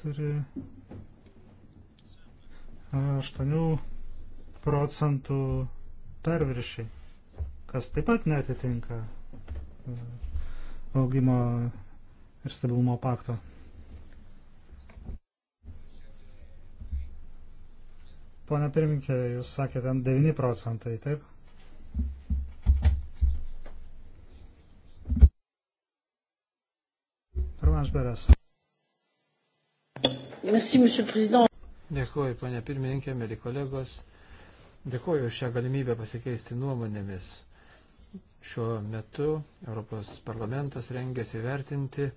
Speaker 2: turi 8 procentų perviršį, kas taip pat netitinka e, augimo ir stabilumo pakto. Pone pirminkė, jūs sakėte 9 procentai, taip?
Speaker 1: Pirmas beres.
Speaker 3: Merci, monsieur
Speaker 1: le président. Dėkuoju, ponė pirmininkė, mėly kolegos. Dėkuoju už šią galimybę pasikeisti nuomonėmis. Šiuo metu Europos parlamentas rengiasi vertinti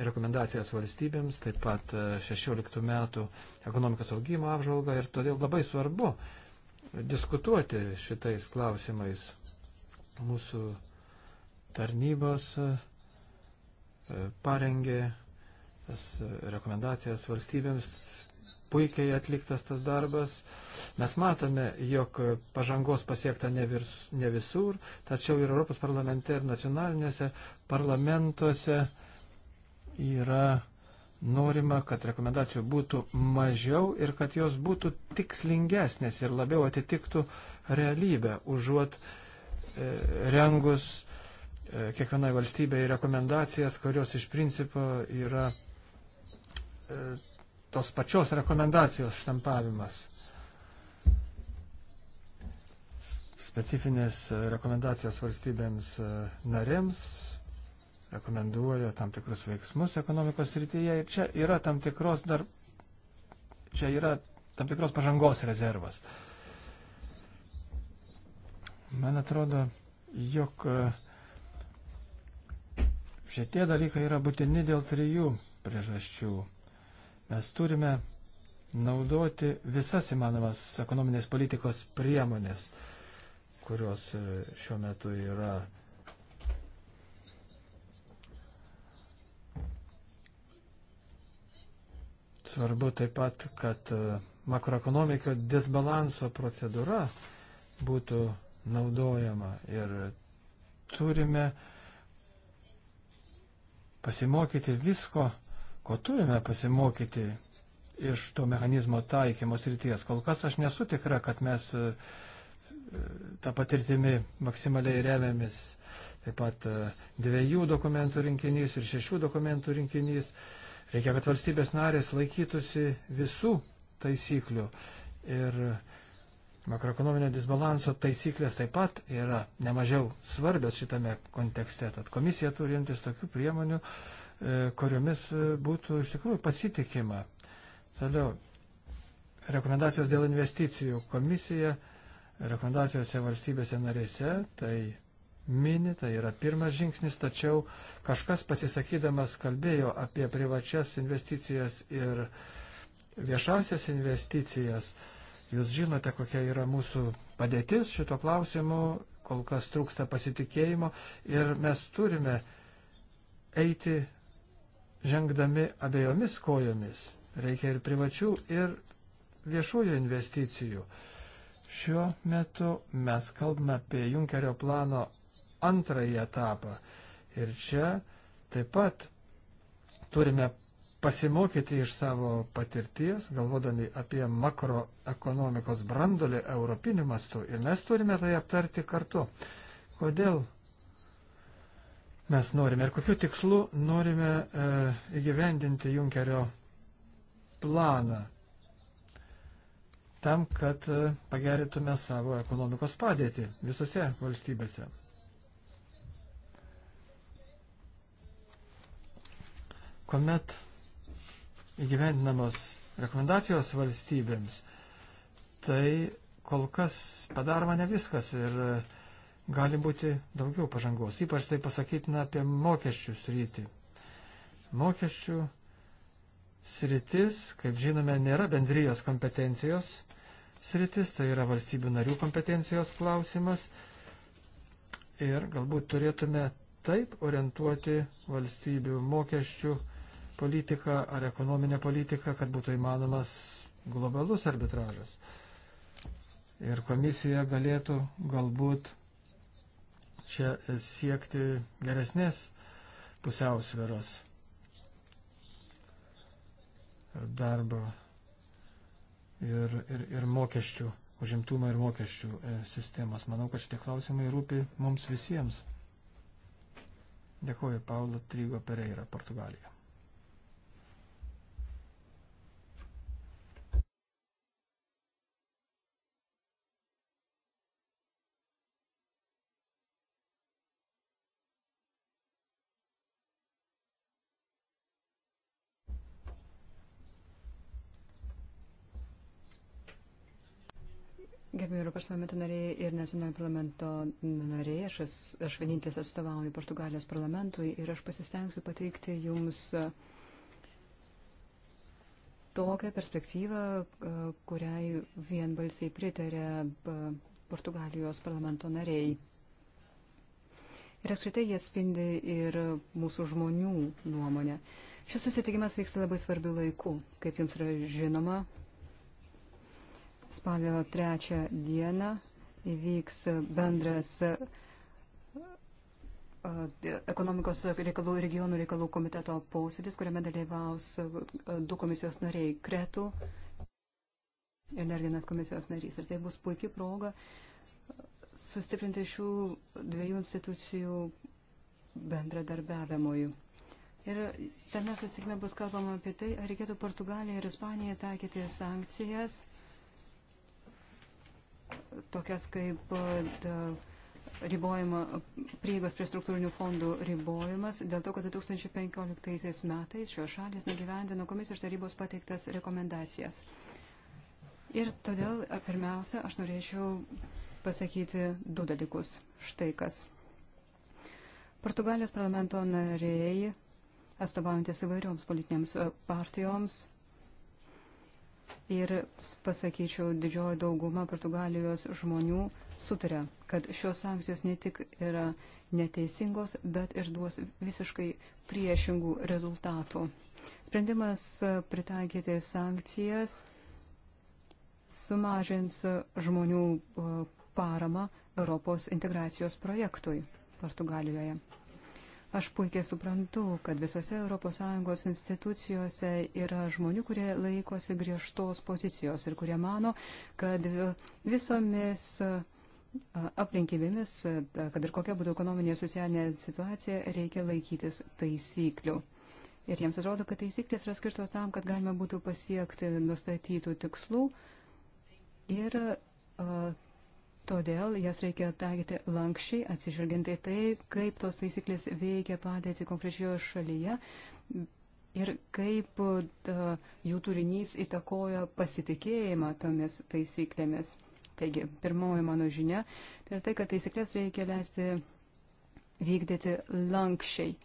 Speaker 1: rekomendacijas valstybėms, taip pat 16 e, metų ekonomikos augimo apžvalgą ir todėl labai svarbu diskutuoti šitais klausimais mūsų tarnybos e, parengė tas rekomendacijas valstybėms, puikiai atliktas tas darbas. Mes matome, jog pažangos pasiekta ne, virs, ne visur, tačiau ir Europos parlamente, ir nacionaliniuose parlamentuose uh, yra norima, kad rekomendacijų būtų mažiau ir kad jos būtų tikslingesnės ir labiau atitiktų realybę, užuot e, rengus e, kiekvienai valstybei rekomendacijas, kurios iš principo yra e, tos pačios rekomendacijos štampavimas. Specifinės rekomendacijos valstybėms e, narėms rekomenduoja tam tikrus veiksmus ekonomikos srityje ir čia yra tam tikros dar, čia yra tam tikros pažangos rezervas. Man atrodo, jog e, šitie dalykai yra būtini dėl trijų priežasčių. Mes turime naudoti visas įmanomas ekonominės politikos priemonės, kurios e, šiuo metu yra uh, Svarbu taip pat, kad e, makroekonomikio disbalanso procedūra būtų naudojama ir turime pasimokyti visko, ko turime pasimokyti iš to mechanizmo taikymo srities. Kol kas aš nesu tikra, kad mes e, tą patirtimį maksimaliai remiamis. Taip pat e, dviejų dokumentų rinkinys ir šešių dokumentų rinkinys Reikia, kad valstybės narės laikytųsi visų taisyklių. Ir makroekonominio disbalanso taisyklės taip pat yra nemažiau svarbios šitame kontekste. Tad komisija turi imtis tokių priemonių, e, kuriomis e, būtų iš tikrųjų pasitikima. Toliau, rekomendacijos dėl investicijų komisija rekomendacijose valstybėse narėse, tai mini, tai yra pirmas žingsnis, tačiau kažkas pasisakydamas kalbėjo apie privačias investicijas ir viešasias investicijas. Jūs žinote, kokia yra mūsų padėtis šito klausimu, kol kas trūksta pasitikėjimo ir mes turime eiti žengdami abiejomis kojomis. Reikia ir privačių, ir viešųjų investicijų. Šiuo metu mes kalbame apie Junkerio plano antrąjį etapą. Ir čia taip pat turime pasimokyti iš savo patirties, galvodami apie makroekonomikos brandolį europiniu mastu. Ir mes turime tai aptarti kartu. Kodėl mes norime ir kokiu tikslu norime e, įgyvendinti Junkerio planą tam, kad e, pagerintume savo ekonomikos padėtį visose valstybėse kuomet įgyvendinamos rekomendacijos valstybėms, tai kol kas padaroma ne viskas ir e, gali būti daugiau pažangos. Ypač tai pasakytina apie mokesčių sritį. Mokesčių sritis, kaip žinome, nėra bendrijos kompetencijos sritis, tai yra valstybių narių kompetencijos klausimas. Ir galbūt turėtume taip orientuoti valstybių mokesčių sritis politiką ar ekonominę politiką, kad būtų įmanomas globalus arbitražas. Ir komisija galėtų galbūt čia siekti geresnės pusiausvėros darbo ir, ir, ir mokesčių, užimtumo ir mokesčių e, sistemas. Manau, kad šitie klausimai rūpi mums visiems. Dėkuoju, Paulo Trygo Pereira, Portugalija.
Speaker 3: Europos parlamento nariai ir nacionalinio parlamento nariai. Aš, as, aš vienintelis atstovauju Portugalijos parlamentui ir aš pasistengsiu pateikti jums e, tokią perspektyvą, e, kuriai vienbalsiai pritarė e, Portugalijos parlamento nariai. Ir apskritai jie atspindi ir mūsų žmonių nuomonę. Šis susitikimas vyksta labai svarbių laikų. Kaip jums yra žinoma, Spalio trečią dieną įvyks bendras ekonomikos reikalų regionų reikalų komiteto posėdis, kuriame dalyvaus du komisijos nariai - Kretų ir dar vienas komisijos narys. Ir tai bus puikia proga sustiprinti šių dviejų institucijų bendradarbiavimui. Ir tame susitikime bus kalbama apie tai, ar reikėtų Portugaliją ir Ispaniją taikyti sankcijas tokias kaip e, ribojimo prieigos prie struktūrinių fondų ribojimas, dėl to, kad 2015 metais šios šalis negyvendino komisijos tarybos pateiktas rekomendacijas. Ir todėl pirmiausia, aš norėčiau pasakyti du dalykus. Štai kas. Portugalijos parlamento nariai, atstovaujantis įvairioms politinėms e, partijoms, Ir pasakyčiau, didžioji dauguma Portugalijos žmonių sutarė, kad šios sankcijos ne tik yra neteisingos, bet ir duos visiškai priešingų rezultatų. Sprendimas pritaikyti sankcijas sumažins žmonių paramą Europos integracijos projektui Portugalijoje. Aš puikiai suprantu, kad visose ES institucijose yra žmonių, kurie laikosi griežtos pozicijos ir kurie mano, kad visomis aplinkybėmis, kad ir kokia būtų ekonominė ir socialinė situacija, reikia laikytis taisyklių. Ir jiems atrodo, kad taisyklės yra skirtos tam, kad galima būtų pasiekti nustatytų tikslų ir uh, Todėl jas reikia taikyti lankščiai, atsižvelgiant į tai, kaip tos taisyklės veikia padėti konkrečioje šalyje ir kaip da, e, jų turinys įtakoja pasitikėjimą tomis taisyklėmis. Taigi, pirmoji mano žinia tai yra tai, kad taisyklės reikia leisti vykdyti lankščiai,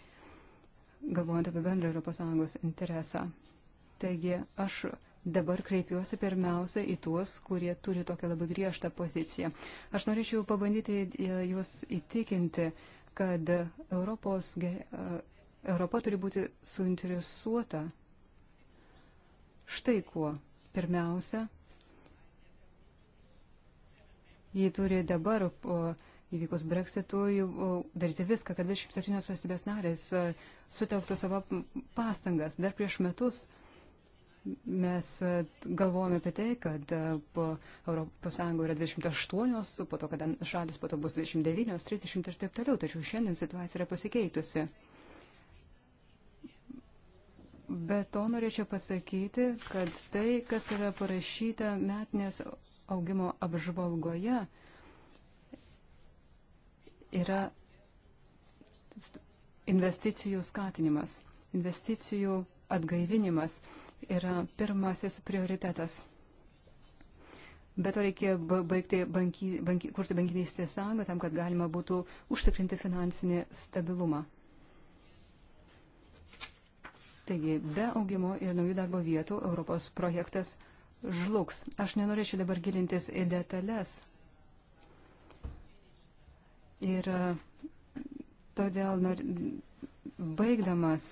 Speaker 3: galvojant apie bendrą ES interesą. Taigi, aš Dabar kreipiuosi pirmiausia į tuos, kurie turi tokią labai griežtą poziciją. Aš norėčiau pabandyti e, jūs įtikinti, kad Europos, e, Europa turi būti suinteresuota štai kuo. Pirmiausia, jį turi dabar po įvykus breksitui daryti viską, kad 27 valstybės narės e, sutelktų savo pastangas. Dar prieš metus Mes e, galvojame apie tai, kad ES yra 28, po to, kad šalis po to bus 29, 30 ir taip toliau, tačiau šiandien situacija yra pasikeitusi. Bet to norėčiau pasakyti, kad tai, kas yra parašyta metinės augimo apžvalgoje, yra investicijų skatinimas, investicijų atgaivinimas yra pirmasis prioritetas. Bet to reikėjo baigti banky, banky, kurti bankininkystės sąjungą tam, kad galima būtų užtikrinti finansinį stabilumą. Taigi, be augimo ir naujų darbo vietų Europos projektas žlugs. Aš nenorėčiau dabar gilintis į detalės. Ir e, todėl nor, Baigdamas,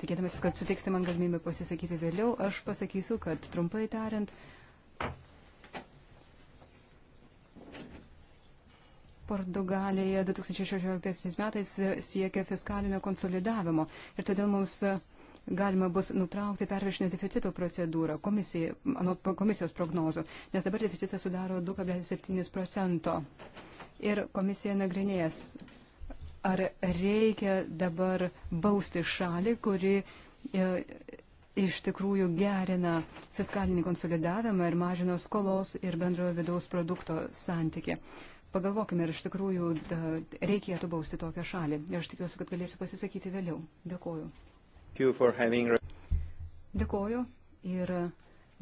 Speaker 3: tikėdamas, kad suteiksite man galimybę pasisakyti vėliau, aš pasakysiu, kad trumpai tariant, Portugalija 2016 metais siekia fiskalinio konsolidavimo ir todėl mums galima bus nutraukti pervešinio deficito procedūrą komisijai, anot komisijos prognozo, nes dabar deficitas sudaro 2,7 procento. Ir komisija nagrinės ar reikia dabar bausti šalį, kuri e, iš tikrųjų gerina fiskalinį konsolidavimą ir mažino skolos ir bendrojo vidaus produkto santykį. Pagalvokime, ar iš tikrųjų da, e, reikėtų bausti tokią šalį. Ir aš tikiuosi, kad galėsiu pasisakyti vėliau. Dėkoju. Having... Dėkoju ir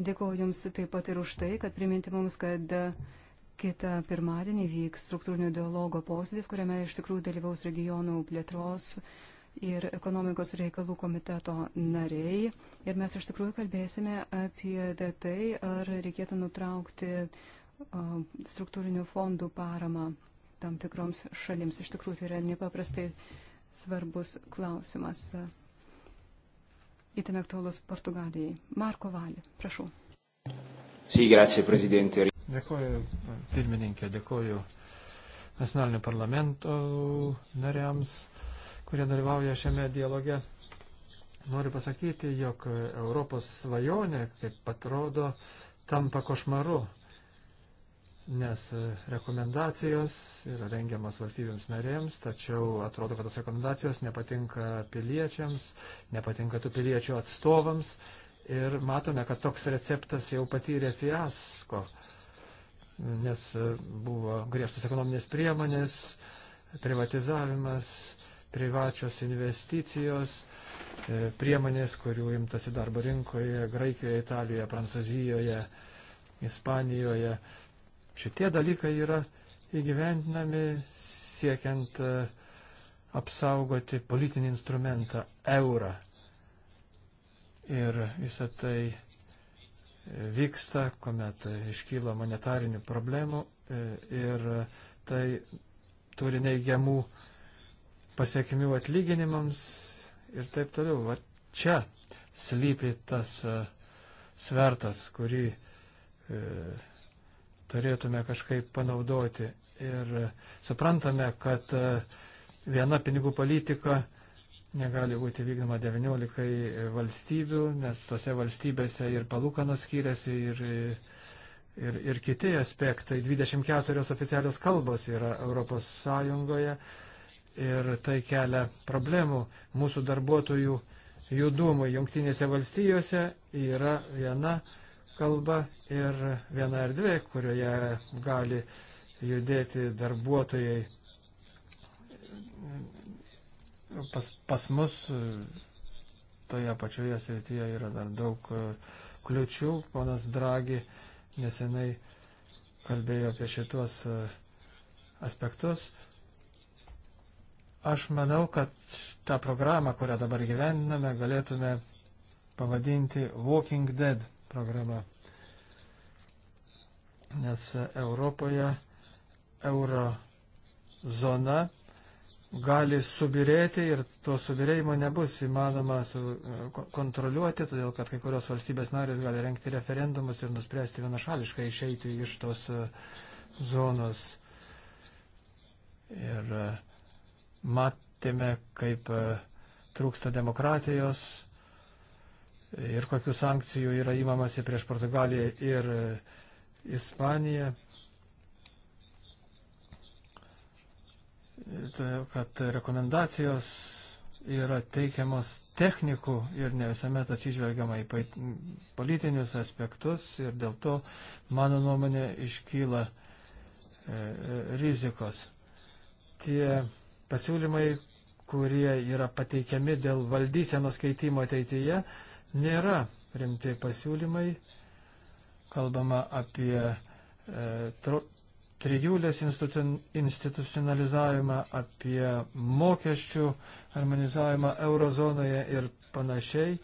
Speaker 3: dėkoju Jums taip pat ir už tai, kad priminti mums, kad uh, Kita pirmadienį vyks struktūrinio dialogo posėdis, kuriame iš tikrųjų dalyvaus regionų plėtros ir ekonomikos reikalų komiteto nariai. Ir mes iš tikrųjų kalbėsime apie tai, ar reikėtų nutraukti struktūrinių fondų paramą tam tikroms šalims. Iš tikrųjų tai yra nepaprastai svarbus klausimas. Įtin aktualus Portugalijai. Marko Valį, prašau.
Speaker 1: Sì, grazie Presidente. Dėkoju pirmininkė, dėkoju nacionalinių parlamento nariams, kurie dalyvauja šiame dialoge. Noriu pasakyti, jog Europos svajonė, kaip patrodo, tampa košmaru, nes rekomendacijos yra rengiamas valstybėms narėms, tačiau atrodo, kad tos rekomendacijos nepatinka piliečiams, nepatinka tų piliečių atstovams ir matome, kad toks receptas jau patyrė fiasko. Uh, nes buvo griežtos ekonominės priemonės, privatizavimas, privačios investicijos, e, priemonės, kurių imtasi darbo rinkoje, Graikijoje, Italijoje, Prancūzijoje, Ispanijoje. Šitie dalykai yra įgyvendinami siekiant e, apsaugoti politinį instrumentą eurą. Ir visą tai vyksta, kuomet iškyla monetarinių problemų e, ir tai turi neigiamų pasiekmių atlyginimams ir taip toliau. Va čia slypi tas e, svertas, kurį e, turėtume kažkaip panaudoti. Ir suprantame, kad viena pinigų politika negali būti vykdoma 19 valstybių, nes tose valstybėse ir palūkanos skiriasi, ir, ir, ir kiti aspektai. 24 oficialios kalbos yra Europos Sąjungoje ir tai kelia problemų mūsų darbuotojų judumui. Jungtinėse valstijose yra viena kalba ir viena erdvė, kurioje gali judėti darbuotojai pas, pas mus e, toje pačioje srityje yra dar daug e, kliučių. Ponas Dragi nesenai kalbėjo apie šitos e, aspektus. Aš manau, kad tą programą, kurią dabar gyveniname, galėtume pavadinti Walking Dead programa. Nes Europoje euro zona gali subirėti ir to subirėjimo nebus įmanoma su, kontroliuoti, todėl kad kai kurios valstybės narės gali renkti referendumus ir nuspręsti vienašališkai išeiti iš tos e, zonos. Ir e, matėme, kaip e, trūksta demokratijos ir kokių sankcijų yra įmamasi prieš Portugaliją ir Ispaniją. Tai, kad rekomendacijos yra teikiamos technikų ir ne visuomet atsižvelgiama į politinius aspektus ir dėl to, mano nuomonė, iškyla e, e, rizikos. Tie pasiūlymai, kurie yra pateikiami dėl valdysenos keitimo ateityje, nėra rimti pasiūlymai. Kalbama apie e, trijulės institucionalizavimą, apie mokesčių harmonizavimą eurozonoje ir panašiai.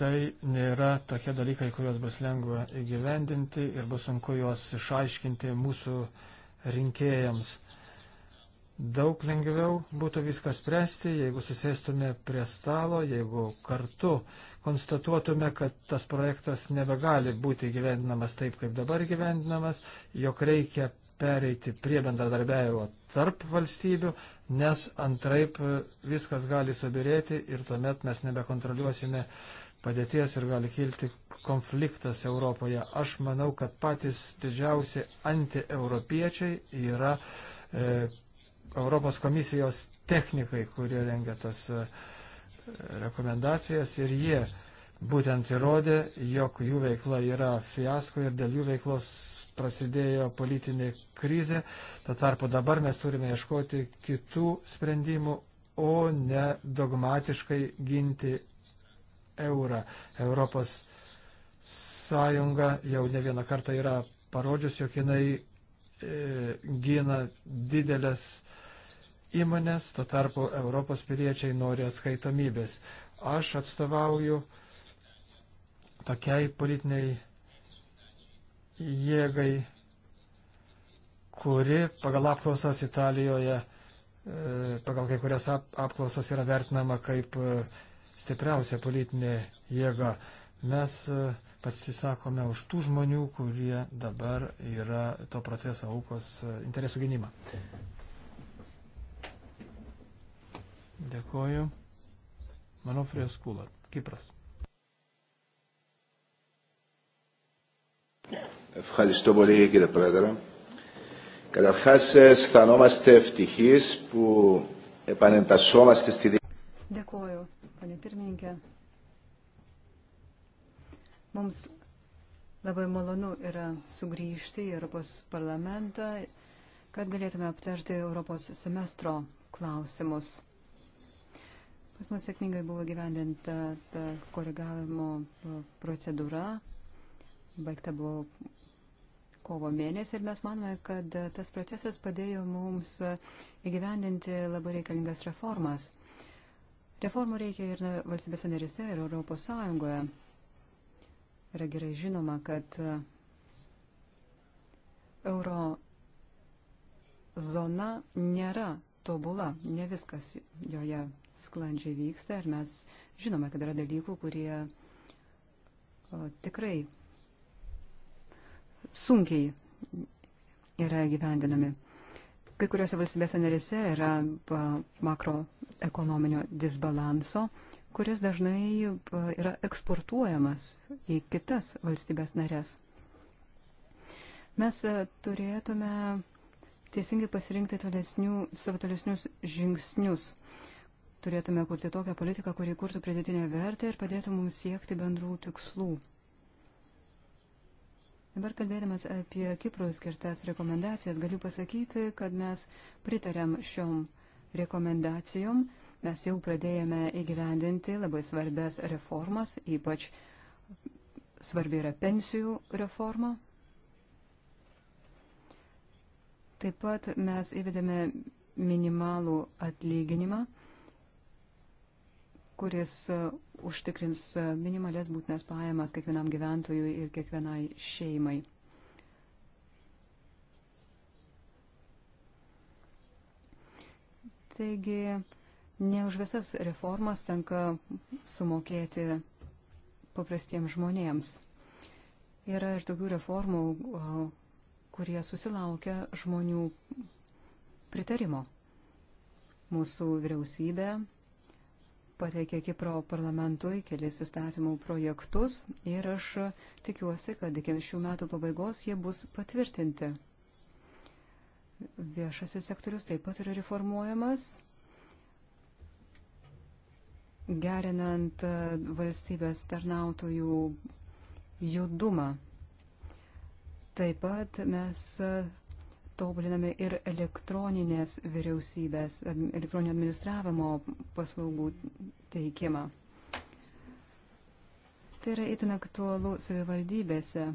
Speaker 1: Tai nėra tokie dalykai, kuriuos bus lengva įgyvendinti ir bus sunku juos išaiškinti mūsų rinkėjams daug lengviau būtų viskas spręsti, jeigu susėstume prie stalo, jeigu kartu konstatuotume, kad tas projektas nebegali būti gyvendinamas taip, kaip dabar gyvendinamas, jog reikia pereiti prie bendradarbiavimo tarp valstybių, nes antraip viskas gali subirėti ir tuomet mes nebekontroliuosime padėties ir gali kilti konfliktas Europoje. Aš manau, kad patys didžiausi antieuropiečiai yra e, Europos komisijos technikai, kurie rengia tas e, rekomendacijas ir jie būtent įrodė, jog jų veikla yra fiasko ir dėl jų veiklos prasidėjo politinė krizė. Tuo tarpu dabar mes turime ieškoti kitų sprendimų, o ne dogmatiškai ginti eurą. Europos sąjunga jau ne vieną kartą yra parodžius, jog jinai E, gina didelės įmonės, to tarpu Europos piliečiai nori atskaitomybės. Aš atstovauju tokiai politiniai jėgai, kuri pagal apklausas Italijoje, e, pagal kai kurias apklausas yra vertinama kaip e, stipriausia politinė jėga. Mes uh, pasisakome už tų žmonių, kurie dabar yra to proceso aukos e, interesų gynimą. Dėkoju. Manofrijas Kulat, Kipras. Ευχαριστώ πολύ κύριε Πρόεδρε.
Speaker 3: Καταρχάς αισθανόμαστε ευτυχείς που επανεντασσόμαστε στη Δίκη. Dėkoju, ponė pirmininkė. Mums labai malonu yra sugrįžti į Europos parlamentą, kad galėtume aptarti Europos semestro klausimus. Pas mus sėkmingai buvo gyvendinta ta koregavimo procedūra, baigta buvo kovo mėnesį ir mes manome, kad tas procesas padėjo mums įgyvendinti labai reikalingas reformas. Reformų reikia ir valstybėse narise, ir Europos Sąjungoje. Yra gerai žinoma, kad e, euro zona nėra tobula, ne viskas joje sklandžiai vyksta ir mes žinome, kad yra dalykų, kurie e, tikrai sunkiai yra gyvendinami. Kai kuriuose valstybėse narėse yra makroekonominio disbalanso, kuris dažnai e, yra eksportuojamas į kitas valstybės narės. Mes e, turėtume teisingai pasirinkti tolesnių, savo tolesnius žingsnius. Turėtume kurti tokią politiką, kuri kurtų pridėtinę vertę ir padėtų mums siekti bendrų tikslų. Dabar kalbėdamas apie Kiprui skirtas rekomendacijas, galiu pasakyti, kad mes pritarėm šiom rekomendacijom Mes jau pradėjome įgyvendinti labai svarbias reformas, ypač svarbi yra pensijų reforma. Taip pat mes įvedėme minimalų atlyginimą, kuris užtikrins minimalės būtinės pajamas kiekvienam gyventojui ir kiekvienai šeimai. Taigi Ne už visas reformas tenka sumokėti paprastiems žmonėms. Yra ir tokių reformų, kurie susilaukia žmonių pritarimo. Mūsų vyriausybė pateikė Kipro parlamentui kelis įstatymų projektus ir aš tikiuosi, kad iki šių metų pabaigos jie bus patvirtinti. Viešasis sektorius taip pat yra reformuojamas gerinant e, valstybės tarnautojų judumą. Taip pat mes e, tobuliname ir elektroninės vyriausybės, e, elektroninio administravimo paslaugų teikimą. Tai yra itin aktualu savivaldybėse.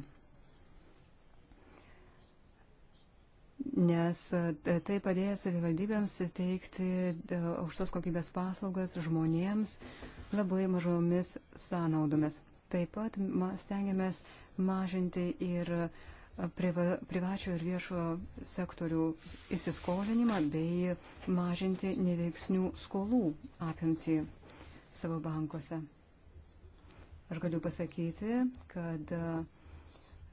Speaker 3: nes e, tai padėjo savivaldybėms teikti e, aukštos kokybės paslaugas žmonėms labai mažomis sąnaudomis. Taip pat stengiamės mažinti ir e, priva, privačio ir viešo sektorių įsiskolinimą bei mažinti neveiksnių skolų apimti savo bankuose. Aš galiu pasakyti, kad uh,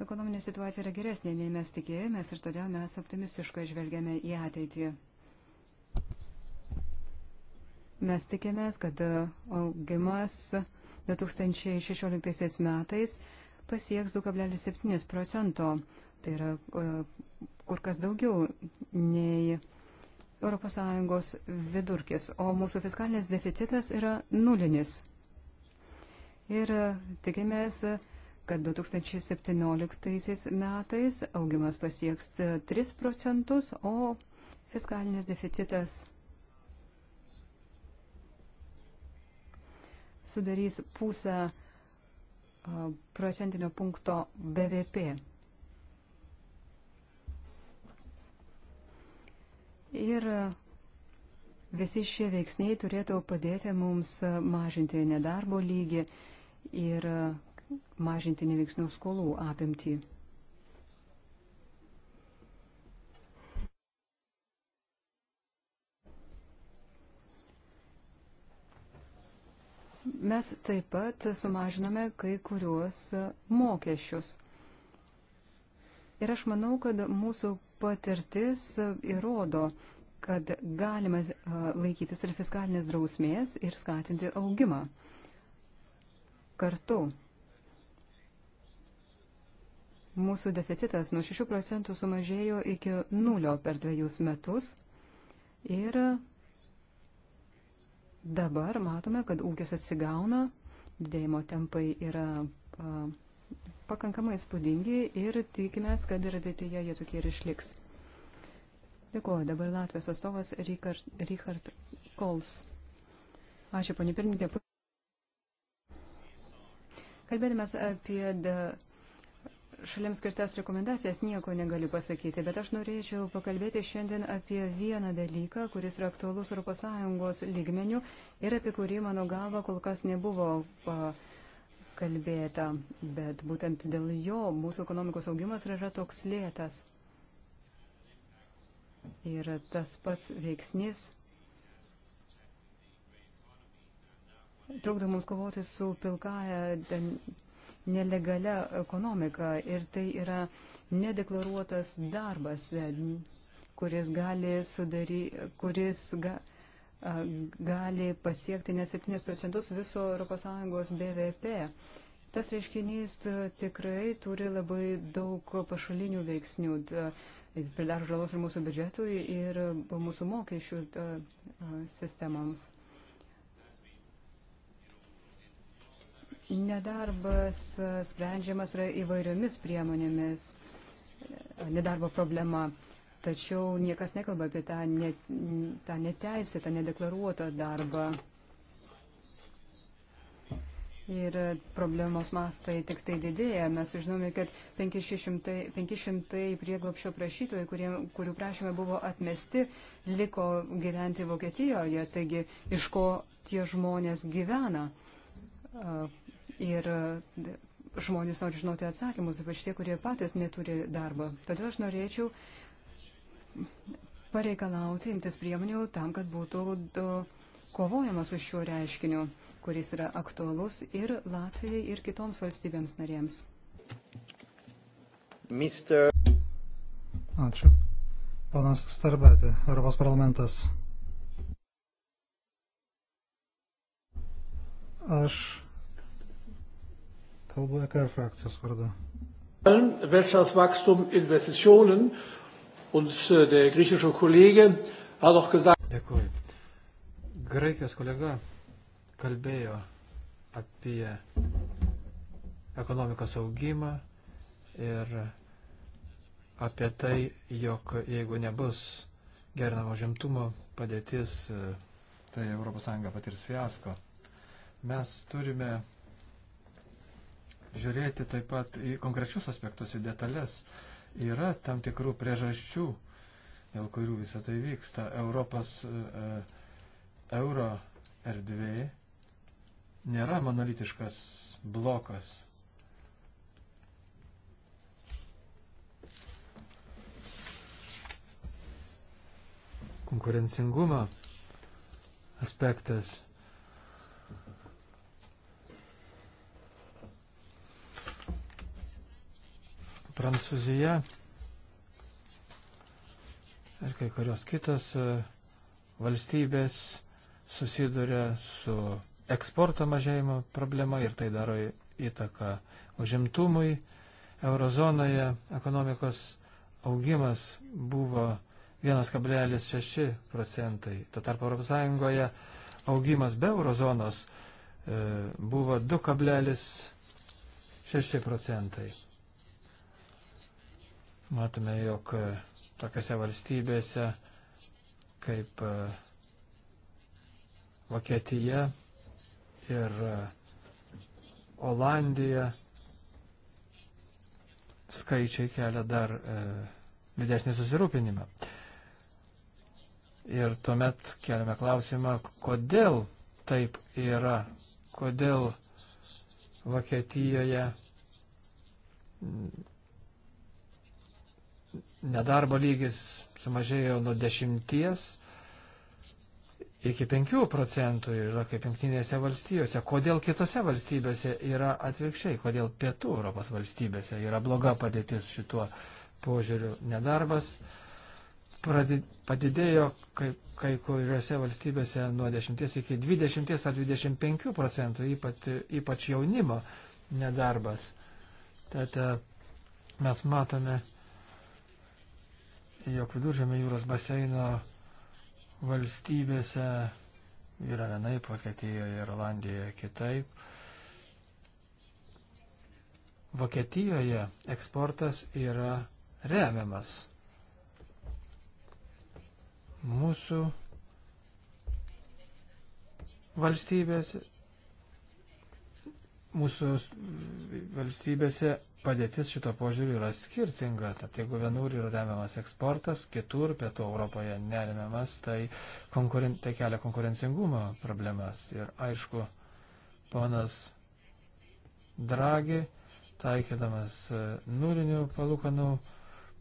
Speaker 3: Ekonominė situacija yra geresnė, nei mes tikėjomės ir todėl mes optimistiškai žvelgiame į ateitį. Mes tikėmės, kad augimas 2016 metais pasieks 2,7 procento. Tai yra e, kur kas daugiau nei ES vidurkis, o mūsų fiskalinis deficitas yra nulinis. Ir tikimės, kad 2017 metais augimas pasieks 3 procentus, o fiskalinis deficitas sudarys pusę procentinio punkto BVP. Ir visi šie veiksniai turėtų padėti mums mažinti nedarbo lygį ir mažinti neveiksnių skolų apimtį. Mes taip pat sumažiname kai kuriuos mokesčius. Ir aš manau, kad mūsų patirtis įrodo, kad galima laikytis ir fiskalinės drausmės ir skatinti augimą. Kartu Mūsų deficitas nuo 6 procentų sumažėjo iki nulio per dviejus metus ir dabar matome, kad ūkis atsigauna, dėjimo tempai yra pakankamai spūdingi ir tikimės, kad ir ateityje jie tokie ir išliks. Dėkuoju, dabar Latvijos atstovas Richard, Richard Kols. Ačiū, ponė pirmininkė. Kalbėdamas apie šalims skirtas rekomendacijas nieko negaliu pasakyti, bet aš norėčiau pakalbėti šiandien apie vieną dalyką, kuris yra aktualus ES lygmenių ir apie kurį mano galva kol kas nebuvo kalbėta, bet būtent dėl jo mūsų ekonomikos augimas yra toks lėtas. Ir tas pats veiksnis trukdo mums kovoti su pilkaja nelegalia ekonomika ir tai yra nedeklaruotas darbas, e, kuris gali, sudary, kuris ga, gali pasiekti ne 7 procentus viso ES BVP. Tas reiškinys e, tikrai turi labai daug pašalinių veiksnių. Jis e, pridaro žalos ir mūsų biudžetui, ir mūsų mokesčių sistemoms. Nedarbas e, sprendžiamas yra įvairiomis priemonėmis, e, nedarbo problema, tačiau niekas nekalba apie tą, ne, tą neteisėtą, nedeklaruotą darbą. Ir problemos mastai tik tai didėja. Mes žinome, kad 500, 500 prieglopšio prašytojų, kurie, kurių prašymai buvo atmesti, liko gyventi Vokietijoje. Taigi, iš ko tie žmonės gyvena? Ir e, žmonės nori žinoti atsakymus, ypač tie, kurie patys neturi darbo. Todėl aš norėčiau pareikalauti imtis priemonių tam, kad būtų e, kovojama su šiuo reiškiniu, kuris yra aktualus ir Latvijai, ir kitoms valstybėms narėms.
Speaker 2: Mister... Ačiū. Ponas Starbatė, Europos parlamentas. Aš kalbu EKR frakcijos vardu.
Speaker 1: Wirtschaftswachstum, Investitionen und äh, der griechische Kollege hat auch gesagt. Dėkui. Graikijos kolega kalbėjo apie ekonomikos augimą ir apie tai, jog jeigu nebus gerinamo žimtumo padėtis, e, tai ES patirs fiasko. Mes turime žiūrėti taip pat į konkrečius aspektus, į detalės. Yra tam tikrų priežasčių, dėl kurių visą tai vyksta. Europos e, e, euro erdvė nėra monolitiškas blokas. Konkurencingumo aspektas Prancūzija ir kai kurios kitos e, valstybės susiduria su eksporto mažėjimo problema ir tai daro įtaką užimtumui. Eurozonoje ekonomikos augimas buvo 1,6 procentai. Tuo tarpu ES augimas be eurozonos e, buvo 2,6 procentai. Matome, jog e, tokiose valstybėse kaip e, Vokietija ir e, Olandija skaičiai kelia dar e, didesnį susirūpinimą. Ir tuomet keliame klausimą, kodėl taip yra, kodėl Vokietijoje nedarbo lygis sumažėjo nuo 10 iki 5 procentų yra kaip jungtinėse valstijose. Kodėl kitose valstybėse yra atvirkščiai? Kodėl pietų Europos valstybėse yra bloga padėtis šituo požiūriu? Nedarbas padidėjo kai, kai kuriuose valstybėse nuo 10 iki 20 ar 25 procentų, ypač, ypač jaunimo nedarbas. Tad e, mes matome jog viduržėmė jūros baseino valstybėse yra vienaip, Vokietijoje ir Olandijoje kitaip. Vokietijoje eksportas yra remiamas. Mūsų valstybėse, mūsų valstybėse padėtis šito požiūriu yra skirtinga. Tad jeigu vienur yra remiamas eksportas, kitur pietų Europoje neremiamas, tai, konkuren... tai kelia konkurencingumo problemas. Ir aišku, ponas Dragi, taikydamas e, nulinių palūkanų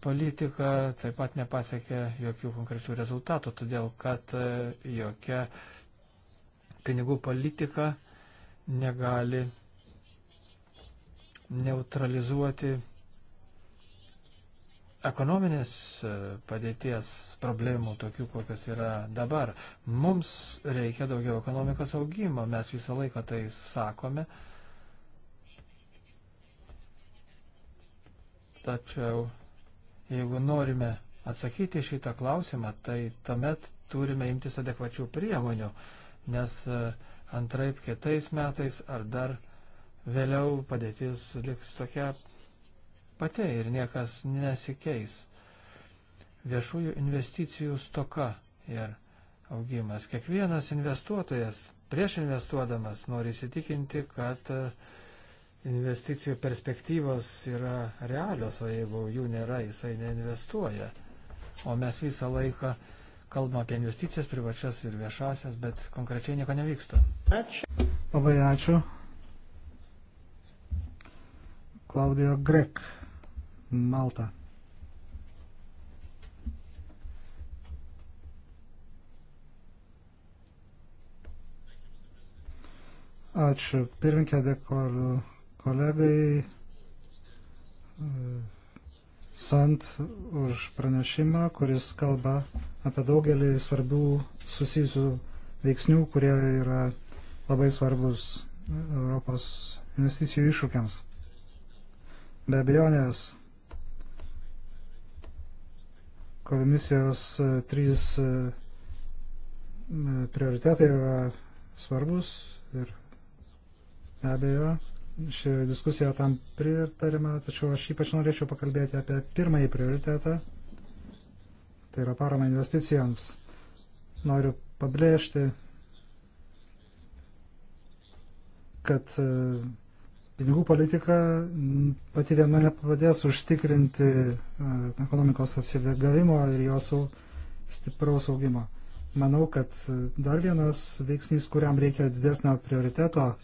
Speaker 1: politiką, taip pat nepasiekė jokių konkrečių rezultatų, todėl kad e, jokia pinigų politika negali neutralizuoti ekonominės e, padėties problemų, tokių kokios yra dabar. Mums reikia daugiau ekonomikos augimo, mes visą laiką tai sakome. Tačiau jeigu norime atsakyti šitą klausimą, tai tuomet turime imtis adekvačių priemonių, nes e, antraip kitais metais ar dar vėliau padėtis liks tokia pati ir niekas nesikeis. Viešųjų investicijų stoka ir augimas. Kiekvienas investuotojas prieš investuodamas nori įsitikinti, kad e, investicijų perspektyvos yra realios, o jeigu jų nėra, jisai neinvestuoja. O mes visą laiką kalbam apie investicijas privačias ir viešasias, bet konkrečiai nieko nevyksta. Ačiū.
Speaker 2: Labai ačiū. Klaudijo Grek, Malta. Ačiū. Pirminkė dėkoju kolegai e, Sant už pranešimą, kuris kalba apie daugelį svarbių susijusių veiksnių, kurie yra labai svarbus Europos investicijų iššūkiams. Be abejonės, komisijos e, trys e, prioritetai yra svarbus ir be abejo, ši diskusija tam pritarima, tačiau aš ypač norėčiau pakalbėti apie pirmąjį prioritetą, tai yra parama investicijoms. Noriu pabrėžti, kad e, pinigų politika pati viena nepadės užtikrinti e, ekonomikos atsigavimo ir jos stipraus augimo. Manau, kad e, dar vienas veiksnys, kuriam reikia didesnio prioriteto e,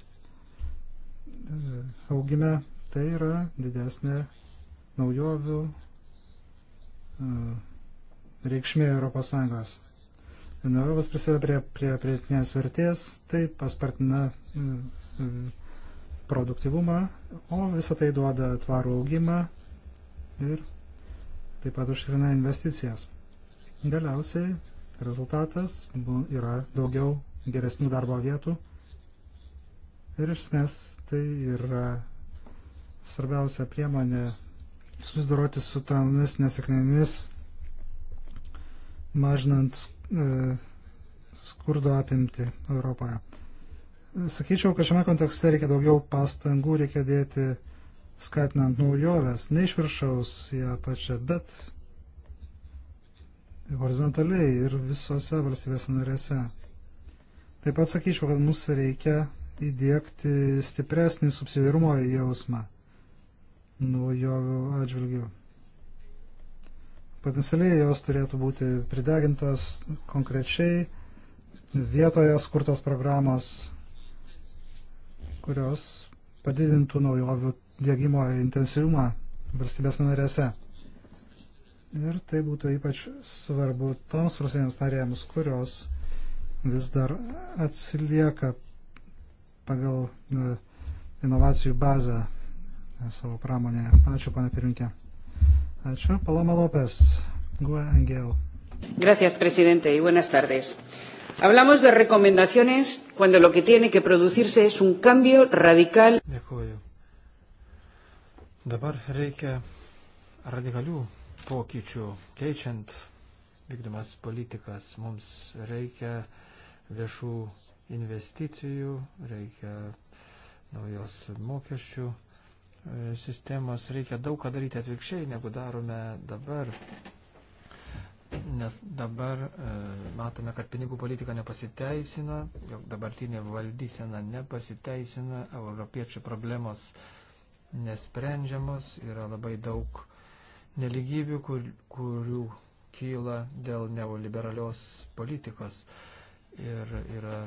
Speaker 2: augime, tai yra didesnė naujovių reikšmė ES. Naujovis prisideda prie, prie prietinės vertės, tai paspartina produktivumą, o visą tai duoda tvarų augimą ir taip pat užtikrina investicijas. Galiausiai rezultatas yra daugiau geresnių darbo vietų ir iš esmės tai yra svarbiausia priemonė susidoroti su tomis nesėkmėmis, mažinant e, skurdo apimti Europoje. Sakyčiau, kad šiame kontekste reikia daugiau pastangų, reikia dėti skatinant naujoves, ne iš viršaus į apačią, bet horizontaliai ir visose valstybės narėse. Taip pat sakyčiau, kad mums reikia įdėkti stipresnį subsidiarumo jausmą naujovių atžvilgių. Potencialiai jos turėtų būti pridegintos konkrečiai vietoje skurtos programos kurios padidintų naujovių dėgymo intensyvumą valstybės narėse. Ir tai būtų ypač svarbu toms valstybės narėms, kurios vis dar atsilieka pagal e, inovacijų bazę e, savo pramonėje. Ačiū, pane pirminkė. Ačiū, Paloma Lopes, GUE NGL.
Speaker 3: Gracias, presidente, y buenas tardes. Hablamos de recomendaciones cuando lo que tiene que producirse es un cambio radical. Dėkuoju.
Speaker 1: Dabar reikia radikalių pokyčių, keičiant vykdomas politikas. Mums reikia viešų investicijų, reikia naujos mokesčių e, sistemos, reikia daug ką daryti atvirkščiai, negu darome dabar nes dabar e, matome, kad pinigų politika nepasiteisina, jog dabartinė valdysena nepasiteisina, europiečių problemos nesprendžiamos, yra labai daug neligybių, kur, kurių kyla dėl neoliberalios politikos ir yra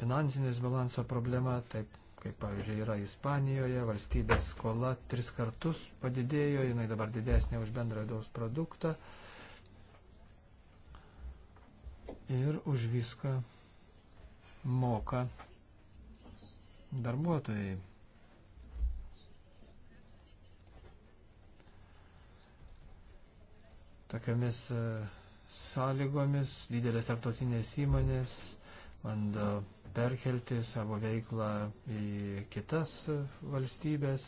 Speaker 1: finansinės balanso problema, taip kaip pavyzdžiui yra Ispanijoje, valstybės skola tris kartus padidėjo, jinai dabar didesnė už bendrą vidaus produktą. E, ir už viską moka darbuotojai. Tokiamis e, sąlygomis didelės tarptautinės įmonės bando perkelti savo veiklą į kitas valstybės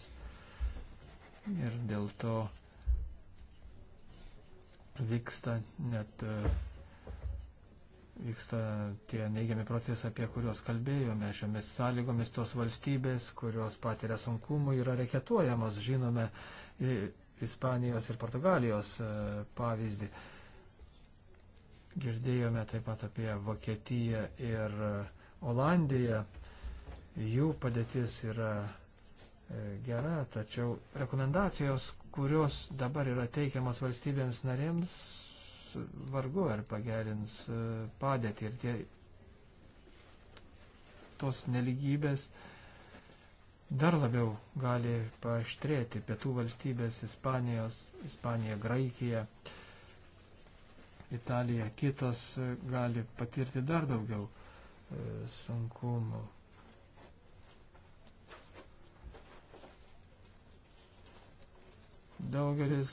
Speaker 1: ir dėl to vyksta net uh, vyksta tie neigiami procesai, apie kuriuos kalbėjome. Šiomis sąlygomis tos valstybės, kurios patiria sunkumų, yra reketuojamos. Žinome Ispanijos ir Portugalijos e, pavyzdį. Girdėjome taip pat apie Vokietiją ir Olandiją. Jų padėtis yra e, gera, tačiau rekomendacijos, kurios dabar yra teikiamas valstybėms narėms, vargu ar pagerins e, padėtį ir tie tos neligybės dar labiau gali paaštrėti pietų valstybės Ispanijos, Ispanija, Graikija, Italija, kitos gali patirti dar daugiau e, sunkumų. Daugelis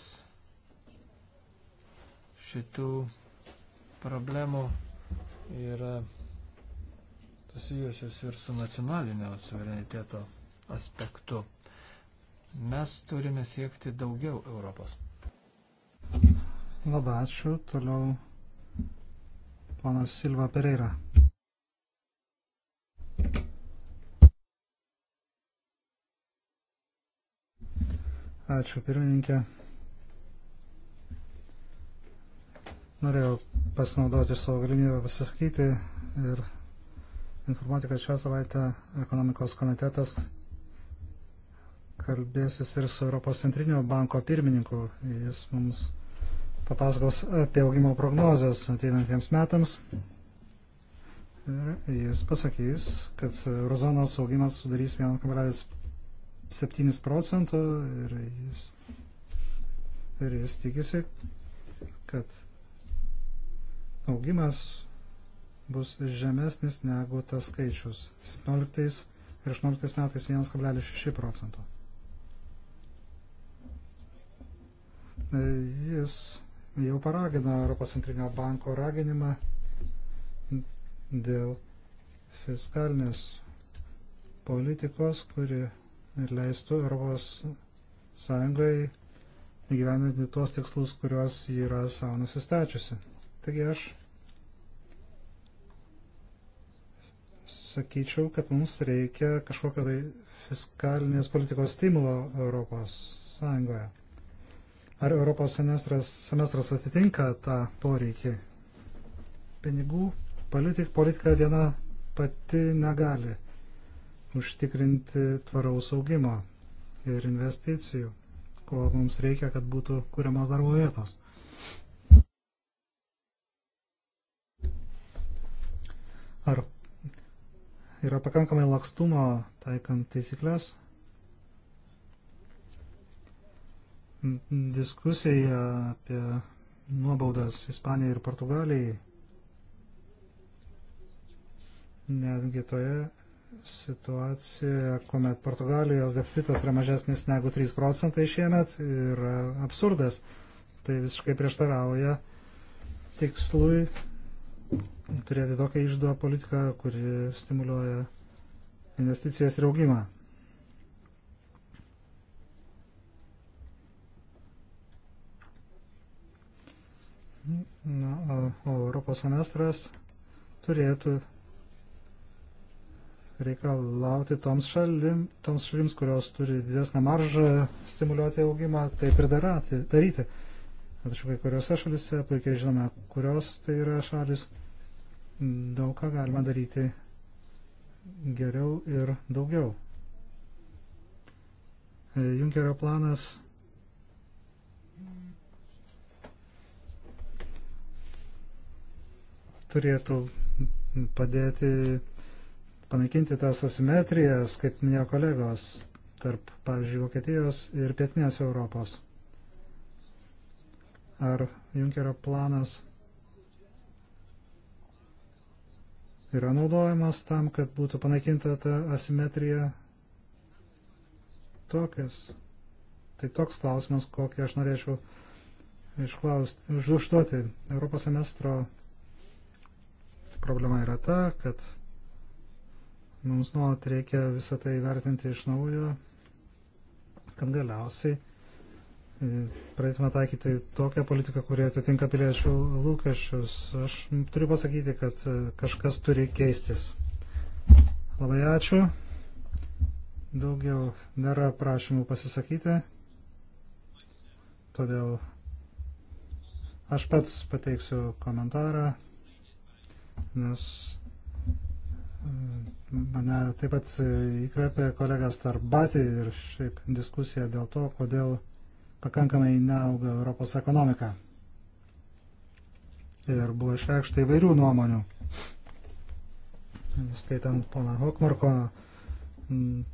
Speaker 1: šitų problemų yra susijusios ir su nacionalinio suvereniteto aspektu. Mes turime siekti daugiau Europos.
Speaker 2: Labai ačiū. Toliau ponas Silva Pereira. Ačiū pirmininkė. Norėjau pasinaudoti iš savo galimybę pasisakyti ir informuoti, kad šią savaitę ekonomikos komitetas kalbėsis ir su Europos centrinio banko pirmininku. Jis mums papasakos apie augimo prognozes ateinantiems metams. Ir jis pasakys, kad eurozonos augimas sudarys 1,7 procentų ir jis, ir jis tikisi, kad augimas bus žemesnis negu tas skaičius 17 ir 18 metais 1,6 procento. Jis jau paragino Europos centrinio banko raginimą dėl fiskalinės politikos, kuri leistų Europos Sąjungai įgyveninti tuos tikslus, kuriuos jį yra savo nusistačiusi. Taigi aš sakyčiau, kad mums reikia kažkokio tai fiskalinės politikos stimulo Europos Sąjungoje. Ar Europos semestras, semestras atitinka tą poreikį? Pinigų politik, politika viena pati negali užtikrinti tvaraus augimo ir investicijų, ko mums reikia, kad būtų kuriamos darbo vietos. Ar yra pakankamai lakstumo taikant taisyklės? Diskusija apie nuobaudas Ispanijai ir Portugalijai netgi toje situacijoje, kuomet Portugalijos deficitas yra mažesnis negu 3 procentai šiemet, yra absurdas. Tai visiškai prieštarauja tikslui turėti tokią išduo politiką, kuri stimuliuoja investicijas ir augimą. Na, o Europos semestras turėtų reikalauti toms, šalim, toms šalims, kurios turi didesnę maržą stimuliuoti augimą, taip ir darati, daryti. Tačiau kai kuriuose šalise puikiai žinome, kurios tai yra šalis, daug ką galima daryti geriau ir daugiau. E, Junkerio planas turėtų padėti panaikinti tas asimetrijas, kaip minėjo kolegos, tarp, pavyzdžiui, Vokietijos ir Pietinės Europos. Ar Junkerio planas yra naudojamas tam, kad būtų panaikinta ta asimetrija. Tokias. Tai toks klausimas, kokį aš norėčiau išklausti, užduoti. Europos semestro problema yra ta, kad mums nuolat reikia visą tai vertinti iš naujo, kad galiausiai pradėtume taikyti tokią politiką, kurie atitinka piliečių lūkesčius. Aš turiu pasakyti, kad e, kažkas turi keistis. Labai ačiū. Daugiau nėra prašymų pasisakyti. Todėl aš pats pateiksiu komentarą, nes e, mane taip pat e, įkvėpė kolegas Tarbatį ir šiaip diskusija dėl to, kodėl pakankamai neauga Europos ekonomika. Ir buvo išreikšta įvairių nuomonių, skaitant poną Hokmarko,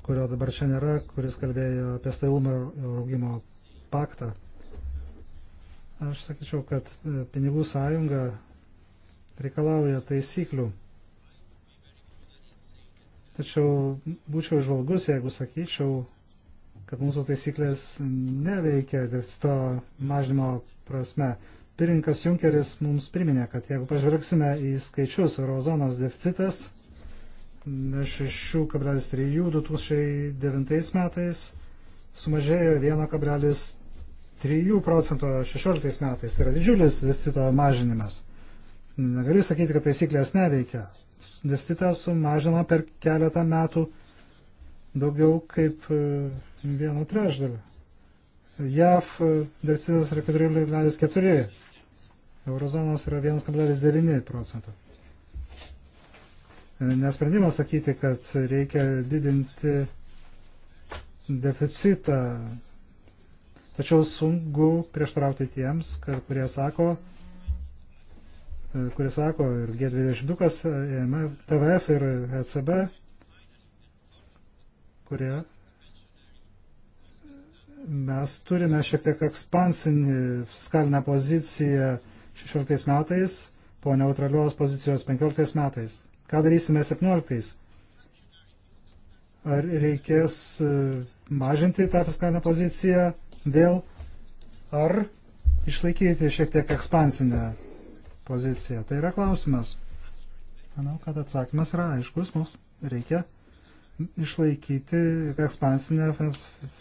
Speaker 2: kurio dabar čia nėra, kuris kalbėjo apie stabilumą ir augimo paktą. Aš sakyčiau, kad e, pinigų sąjunga reikalauja taisyklių. Tačiau būčiau žvalgus, jeigu sakyčiau, kad mūsų taisyklės neveikia deficito mažinimo prasme. Pirinkas Junkeris mums priminė, kad jeigu pažvelgsime į skaičius, eurozonos deficitas 6,3 2009 metais sumažėjo 1,3 procento 16 metais. Tai yra didžiulis deficito mažinimas. Negaliu sakyti, kad taisyklės neveikia. Deficitą sumažino per keletą metų daugiau kaip e, vieno trešdalio. JAV e, deficitas yra 4,4, eurozonos yra 1,9 procentų. E, Nesprendimas sakyti, kad reikia didinti deficitą. Tačiau sunku prieštarauti tiems, kad, kurie sako, kurie sako ir G22, EMF, TVF ir ECB kurie mes turime šiek tiek ekspansinį fiskalinę poziciją 16 metais, po neutralios pozicijos 15 metais. Ką darysime 17? Ar reikės e, mažinti tą fiskalinę poziciją vėl, ar išlaikyti šiek tiek ekspansinę poziciją? Tai yra klausimas. Manau, kad atsakymas yra aiškus, mums reikia išlaikyti ekspansinę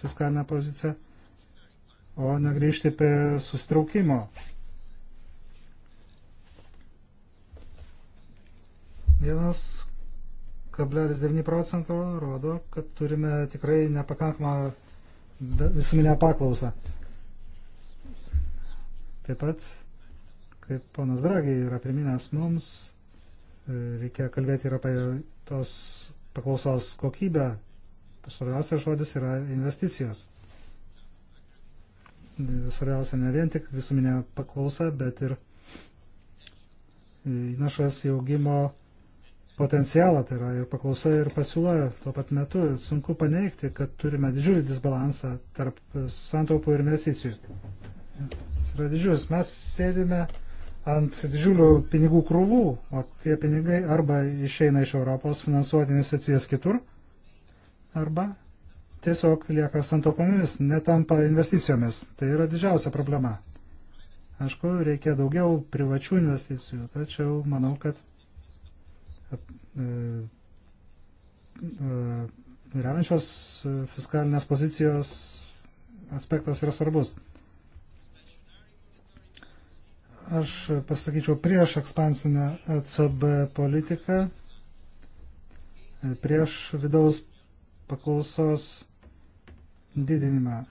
Speaker 2: fiskalinę poziciją, o negrįžti prie sustraukimo. Vienas kablelis 9 procento rodo, kad turime tikrai nepakankamą visuminę paklausą. Taip pat, kaip ponas Dragiai yra priminęs mums, e, reikia kalbėti ir apie tos paklausos kokybę, svarbiausias žodis yra investicijos. Svarbiausia ne vien tik visuminė paklausa, bet ir įnašas į augimo potencialą, tai yra ir paklausa, ir pasiūla tuo pat metu. Sunku paneigti, kad turime didžiulį disbalansą tarp santaupų ir investicijų. Jis yra didžiulis. Mes sėdime ant didžiulių pinigų krūvų, o tie pinigai arba išeina iš Europos finansuoti investicijas kitur, arba tiesiog lieka santopomis, netampa investicijomis. Tai yra didžiausia problema. Aišku, reikia daugiau privačių investicijų, tačiau manau, kad e, e, remiančios fiskalinės pozicijos aspektas yra svarbus. Aš pasakyčiau prieš ekspansinę ECB politiką, prieš vidaus paklausos didinimą,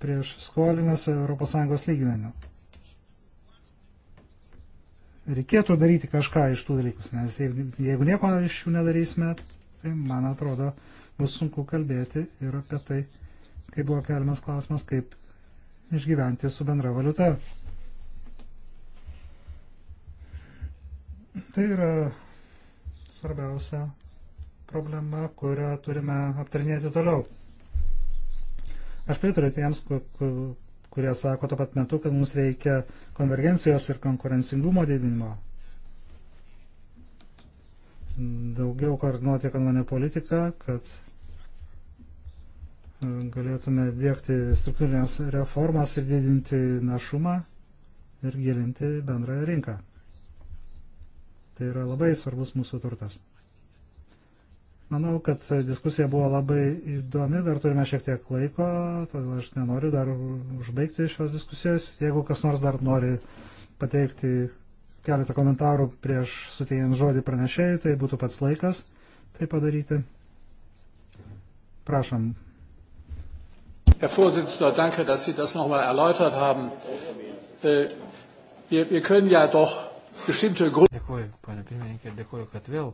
Speaker 2: prieš skolinimąsi ES lygmenių reikėtų daryti kažką iš tų dalykus, nes jeigu nieko iš jų nedarysime, tai man atrodo bus sunku kalbėti ir apie tai, kaip buvo keliamas klausimas, kaip išgyventi su bendra valiuta. Tai yra svarbiausia problema, kurią turime aptarinėti toliau. Aš pritariu tiems, kurie sako tuo pat metu, kad mums reikia konvergencijos ir konkurencingumo didinimo. Daugiau koordinuoti ekonominę politiką, kad e, galėtume dėkti struktūrinės reformas ir didinti našumą ir gilinti bendrąją rinką. Tai yra labai svarbus mūsų turtas. Manau, kad diskusija buvo labai įdomi, dar turime šiek tiek laiko, todėl aš nenoriu dar užbaigti šios diskusijos. Jeigu kas nors dar nori pateikti keletą komentarų prieš suteikiant žodį pranešėjui, tai būtų pats laikas tai padaryti. Prašom.
Speaker 1: Herr Vorsitzender, danke, dass Sie das nochmal erläutert haben. Äh, wir, wir können ja doch Dėkuoju, ponia pirmininkė, dėkuoju, kad vėl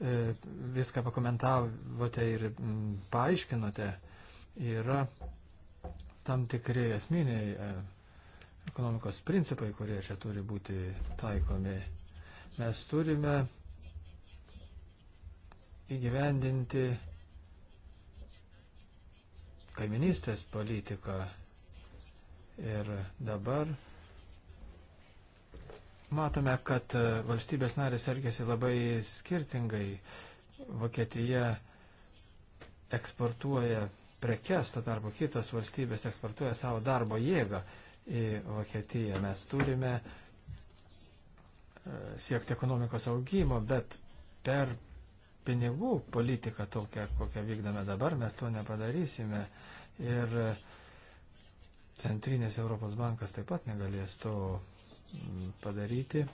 Speaker 1: e, viską pakomentavote ir paaiškinote. Yra tam tikri esminiai e, ekonomikos principai, kurie čia turi būti taikomi. Mes turime įgyvendinti kaiminystės politiką. Ir dabar matome, kad e, valstybės narės elgesi labai skirtingai. Vokietija eksportuoja prekes, to tarpu kitos valstybės eksportuoja savo darbo jėgą į Vokietiją. Mes turime e, siekti ekonomikos augimo, bet per pinigų politiką tokią, kokią vykdame dabar, mes to nepadarysime. Ir e, Centrinės Europos bankas taip pat negalės to padaryti,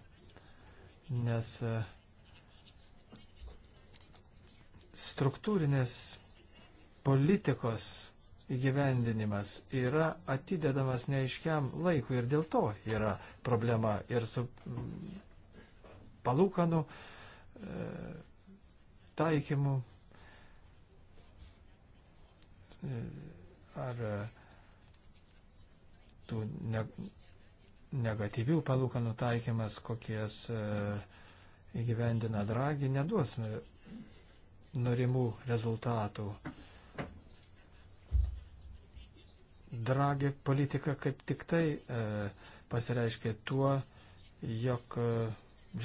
Speaker 1: nes e, struktūrinės politikos įgyvendinimas yra atidedamas neaiškiam laikui ir dėl to yra problema ir su mm, palūkanų e, taikymu e, ar tų ne, negatyvių palūkanų taikymas, kokias e, įgyvendina dragi, neduos norimų rezultatų. Dragi politika kaip tik tai e, pasireiškė tuo, jog e,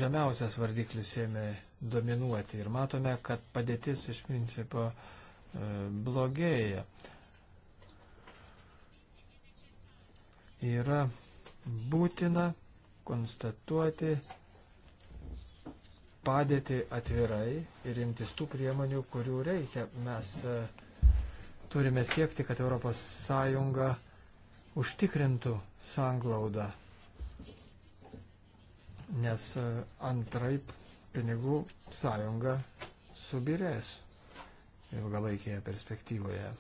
Speaker 1: žemiausias vardiklis ėmė dominuoti ir matome, kad padėtis iš principo e, blogėja. Yra būtina konstatuoti padėti atvirai ir imtis tų priemonių, kurių reikia. Mes e, turime siekti, kad ES užtikrintų sanglaudą, nes e, antraip pinigų sąjunga subirės ilgalaikėje perspektyvoje.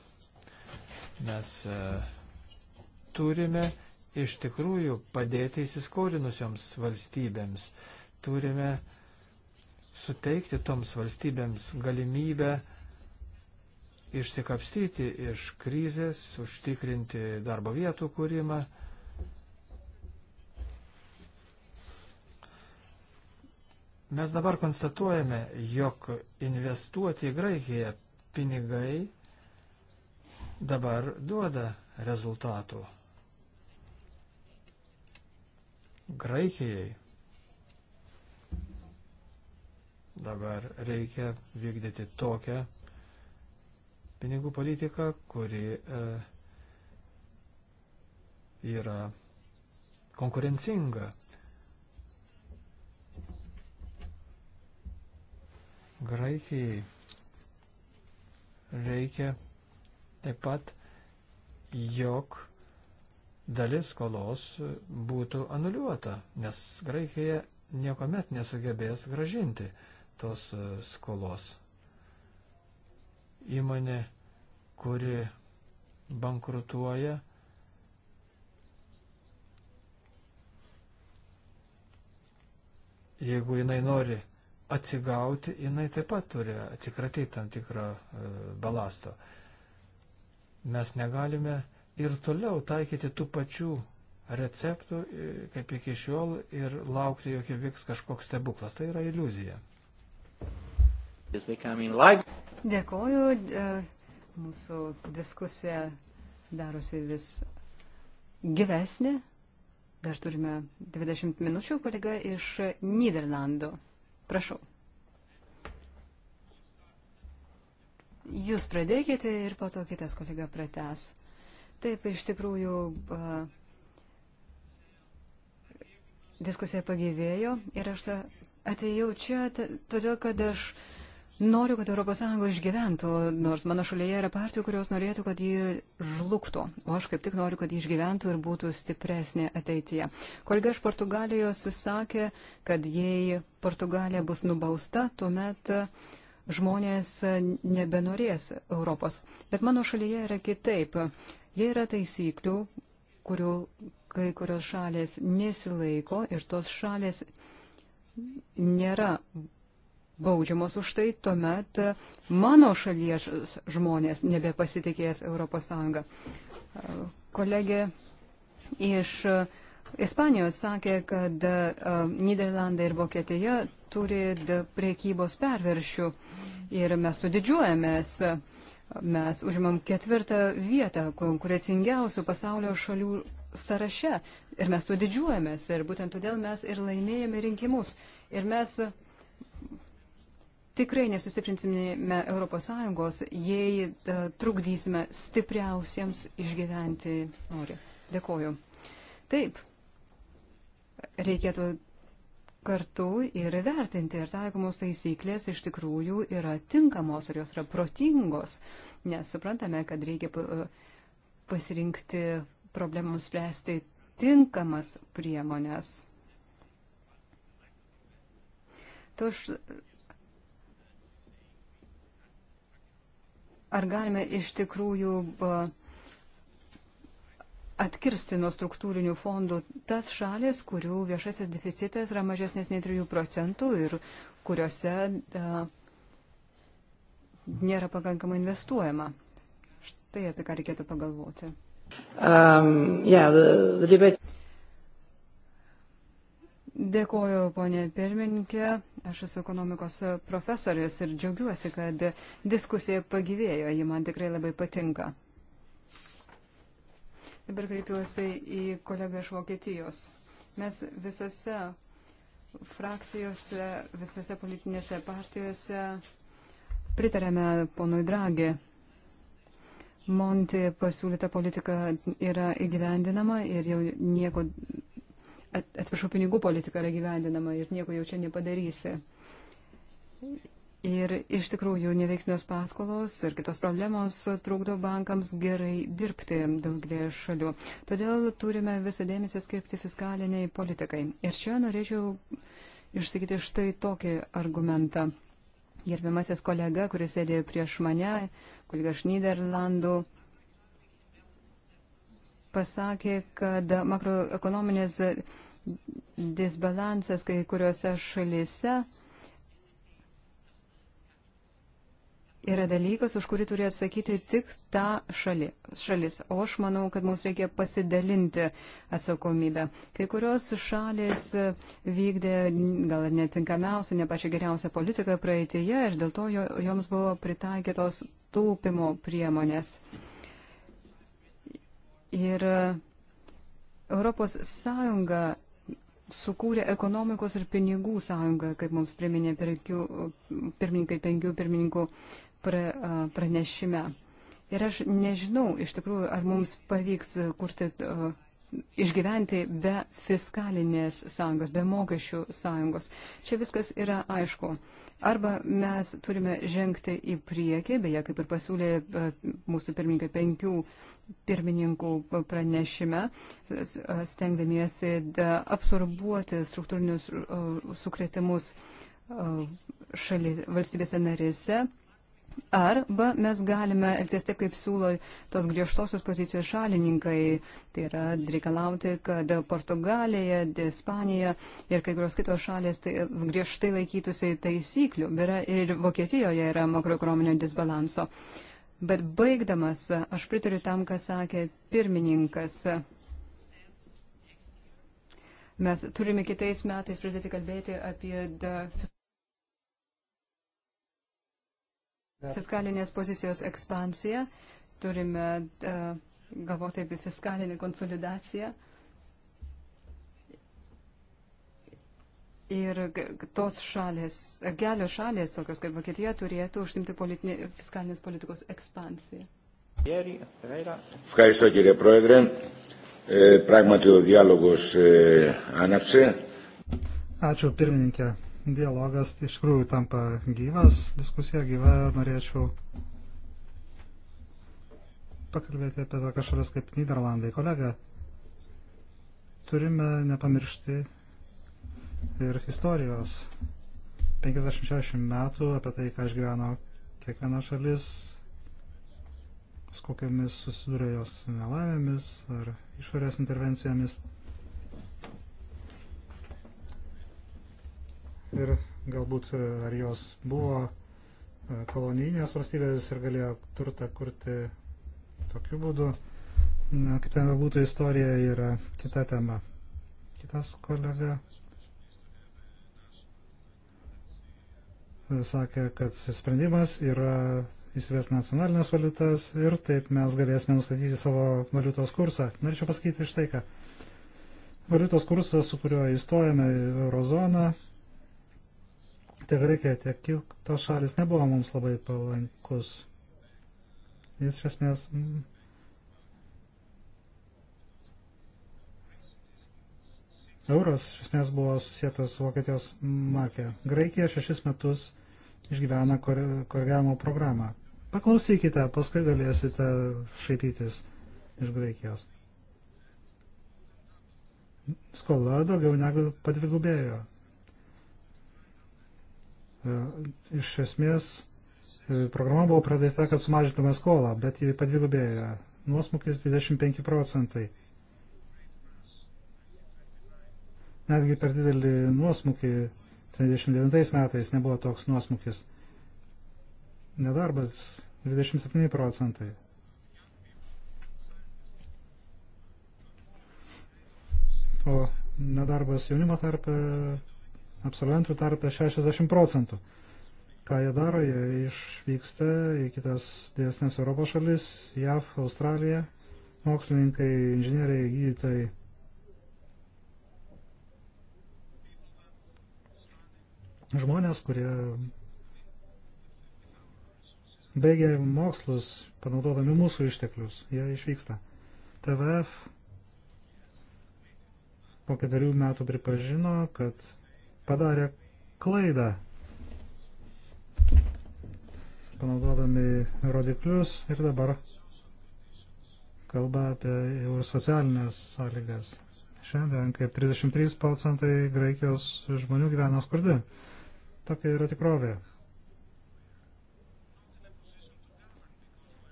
Speaker 1: Mes e, turime iš tikrųjų padėti įsiskolinusioms valstybėms. Turime suteikti toms valstybėms galimybę išsikapstyti iš krizės, užtikrinti darbo vietų kūrimą. Mes dabar konstatuojame, jog investuoti į Graikiją pinigai dabar duoda rezultatų. Graikijai dabar reikia vykdyti tokią pinigų politiką, kuri e, yra konkurencinga. Graikijai reikia taip pat, jog dalis skolos būtų anuliuota, nes Graikija niekuomet nesugebės gražinti tos e, skolos. Įmonė, kuri bankrutuoja, jeigu jinai nori atsigauti, jinai taip pat turi atsikratyti tam tikrą e, balasto. Mes negalime uh, ir toliau taikyti tų pačių receptų e, kaip iki šiol ir laukti, jog įvyks kažkoks stebuklas. Tai yra iliuzija.
Speaker 3: Dėkoju. E, mūsų diskusija darosi vis gyvesnė. Dar turime 20 minučių kolega iš Niderlandų. Prašau. Jūs pradėkite ir po to kitas kolega prates. Taip, iš tikrųjų, diskusija pagyvėjo ir aš atėjau čia, todėl kad aš noriu, kad ES išgyventų, nors mano šalyje yra partijų, kurios norėtų, kad ji žlugtų, o aš kaip tik noriu, kad ji išgyventų ir būtų stipresnė ateityje. Kolega iš Portugalijos sakė, kad jei Portugalija bus nubausta, tuomet žmonės nebenorės Europos. Bet mano šalyje yra kitaip. Jei yra taisyklių, kurių kai kurios šalės nesilaiko ir tos šalės nėra baudžiamos už tai, tuomet mano šalies žmonės nebepasitikės ES. Kolegė iš Ispanijos sakė, kad Niderlandai ir Vokietija turi priekybos perviršių ir mes to didžiuojamės. Mes užimam ketvirtą vietą konkurencingiausių pasaulio šalių sąraše ir mes tuo didžiuojamės ir būtent todėl mes ir laimėjame rinkimus. Ir mes tikrai nesustiprinsime ES, jei e, trukdysime stipriausiems išgyventi nori. Dėkoju. Taip, reikėtų kartu ir vertinti, ar taikomos taisyklės iš tikrųjų yra tinkamos, ar jos yra protingos, nes suprantame, kad reikia e, pasirinkti problemams spręsti tinkamas priemonės. Tuš, ar galime iš tikrųjų uh, atkirsti nuo struktūrinių fondų tas šalis, kurių viešasis deficitas yra mažesnis nei 3 procentų ir kuriuose a, nėra pakankamai investuojama. Štai apie ką reikėtų pagalvoti. Um, yeah, the, the debate... Dėkoju, ponė pirmininkė. Aš esu ekonomikos profesorius ir džiaugiuosi, kad diskusija pagyvėjo. Ji man tikrai labai patinka. Dabar kreipiuosi į kolegą iš Vokietijos. Mes visose frakcijose, visose politinėse partijose pritarėme ponui Dragi. Monti pasiūlyta politika yra įgyvendinama ir jau nieko, at, atsiprašau, pinigų politika yra įgyvendinama ir nieko jau čia nepadarysi. Ir iš tikrųjų neveiksnios paskolos ir kitos problemos trukdo bankams gerai dirbti daugelį šalių. Todėl turime visą dėmesį skirti fiskaliniai politikai. Ir čia norėčiau išsakyti štai tokį argumentą. Gerbiamasis kolega, kuris sėdė prieš mane, kolega iš Niderlandų, pasakė, kad makroekonominės disbalansas kai kuriuose šalise yra dalykas, už kurį turi atsakyti tik ta šali, šalis. O aš manau, kad mums reikia pasidalinti atsakomybę. Kai kurios šalis vykdė gal ir netinkamiausią, ne pačią geriausią politiką praeitėje ir dėl to jo, joms buvo pritaikytos taupimo priemonės. Ir Europos Sąjunga sukūrė ekonomikos ir pinigų sąjungą, kaip mums priminė pirkių, pirmininkai penkių pirmininkų pra, pranešime. Ir aš nežinau iš tikrųjų, ar mums pavyks kurti, išgyventi be fiskalinės sąjungos, be mokesčių sąjungos. Čia viskas yra aišku. Arba mes turime žengti į priekį, beje, kaip ir pasiūlė mūsų pirmininkai penkių pirmininkų pranešime, stengdamiesi absorbuoti struktūrinius sukretimus šalis, valstybėse narėse Arba mes galime elgtis taip, kaip siūlo tos griežtosios pozicijos šalininkai. Tai yra reikalauti, kad Portugalija, Ispanija ir kai kurios kitos šalės tai griežtai laikytųsi taisyklių. Yra ir Vokietijoje yra makroekonominio disbalanso. Bet baigdamas, aš pritariu tam, ką sakė pirmininkas. Mes turime kitais metais pradėti kalbėti apie. The... Fiskalinės pozicijos ekspansija, turime uh, galvoti apie fiskalinę konsolidaciją. Ir tos šalės, e, gelio šalės, tokios kaip Vokietija, turėtų užsimti politinį, fiskalinės politikos ekspansiją. Ευχαριστώ
Speaker 2: κύριε Πρόεδρε. Ε, πράγματι ο διάλογος ε, άναψε. Ačiū pirmininkė dialogas iš tikrųjų tampa gyvas, diskusija gyva ir norėčiau pakalbėti apie tokias šalis kaip Niderlandai. Kolega, turime nepamiršti ir istorijos. 50-60 metų apie tai, ką išgyveno kiekviena šalis, su kokiamis susidūrė jos nelaimėmis ar išorės intervencijomis. ir galbūt e, ar jos buvo e, kolonijinės valstybės ir galėjo turtą kurti tokiu būdu. Na, kaip ten būtų istorija, yra kita tema. Kitas kolega e, sakė, kad sprendimas yra įsivės nacionalinės valiutas ir taip mes galėsime nustatyti savo valiutos kursą. Norėčiau pasakyti štai ką. Valiutos kursas, su kuriuo įstojame į eurozoną, tiek Graikija, tiek kitos šalis nebuvo mums labai palankus. Jis iš esmės mm, euras iš esmės buvo susijęs su Vokietijos markė. Graikija šešis metus išgyvena koregavimo programą. Paklausykite, paskui galėsite šaipytis iš Graikijos. Skola daugiau negu padvigubėjo. E, iš esmės, e, programa buvo pradėta, kad sumažintume skolą, bet jį padvigubėjo. Nuosmukis 25 procentai. Netgi per didelį nuosmukį 39 metais nebuvo toks nuosmukis. Nedarbas 27 procentai. O nedarbas jaunimo tarp absolventų tarpe 60 procentų. Ką jie daro? Jie išvyksta į kitas didesnės Europos šalis, JAV, Australiją, mokslininkai, inžinieriai, gydytojai. Žmonės, kurie baigia mokslus, panaudodami mūsų išteklius, jie išvyksta. TVF po ketverių metų pripažino, kad padarė klaidą, panaudodami rodiklius ir dabar kalba apie jau socialinės sąlygas. Šiandien kaip 33 procentai Graikijos žmonių gyvena skurde. Tokia yra tikrovė.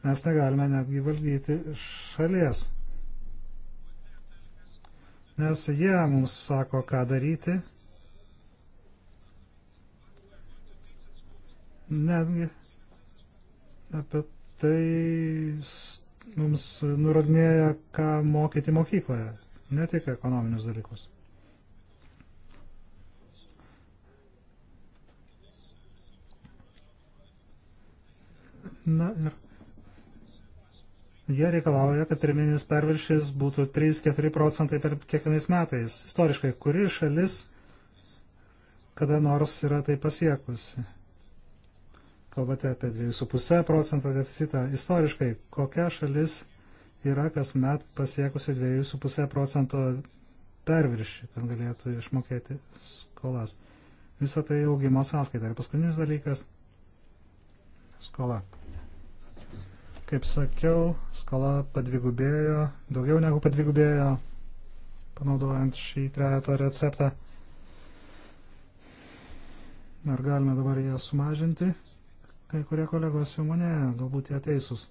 Speaker 2: Mes negalime netgi valdyti šalies. Nes jie mums sako, ką daryti Netgi apie tai mums nurodinėja, ką mokyti mokykloje, ne tik ekonominius dalykus. Na ir jie reikalauja, kad pirminis perviršys būtų 3-4 procentai per kiekvienais metais. Istoriškai, kuri šalis kada nors yra tai pasiekusi kalbate apie 2,5 procento deficitą. Istoriškai, kokia šalis yra kasmet pasiekusi 2,5 procento perviršį, kad galėtų išmokėti skolas. Visą tai augimo sąskaita. Ir paskutinis dalykas - skola. Kaip sakiau, skola padvigubėjo, daugiau negu padvigubėjo, panaudojant šį trejato receptą. Ar galime dabar ją sumažinti? Kai kurie kolegos jau mane, galbūt jie teisūs.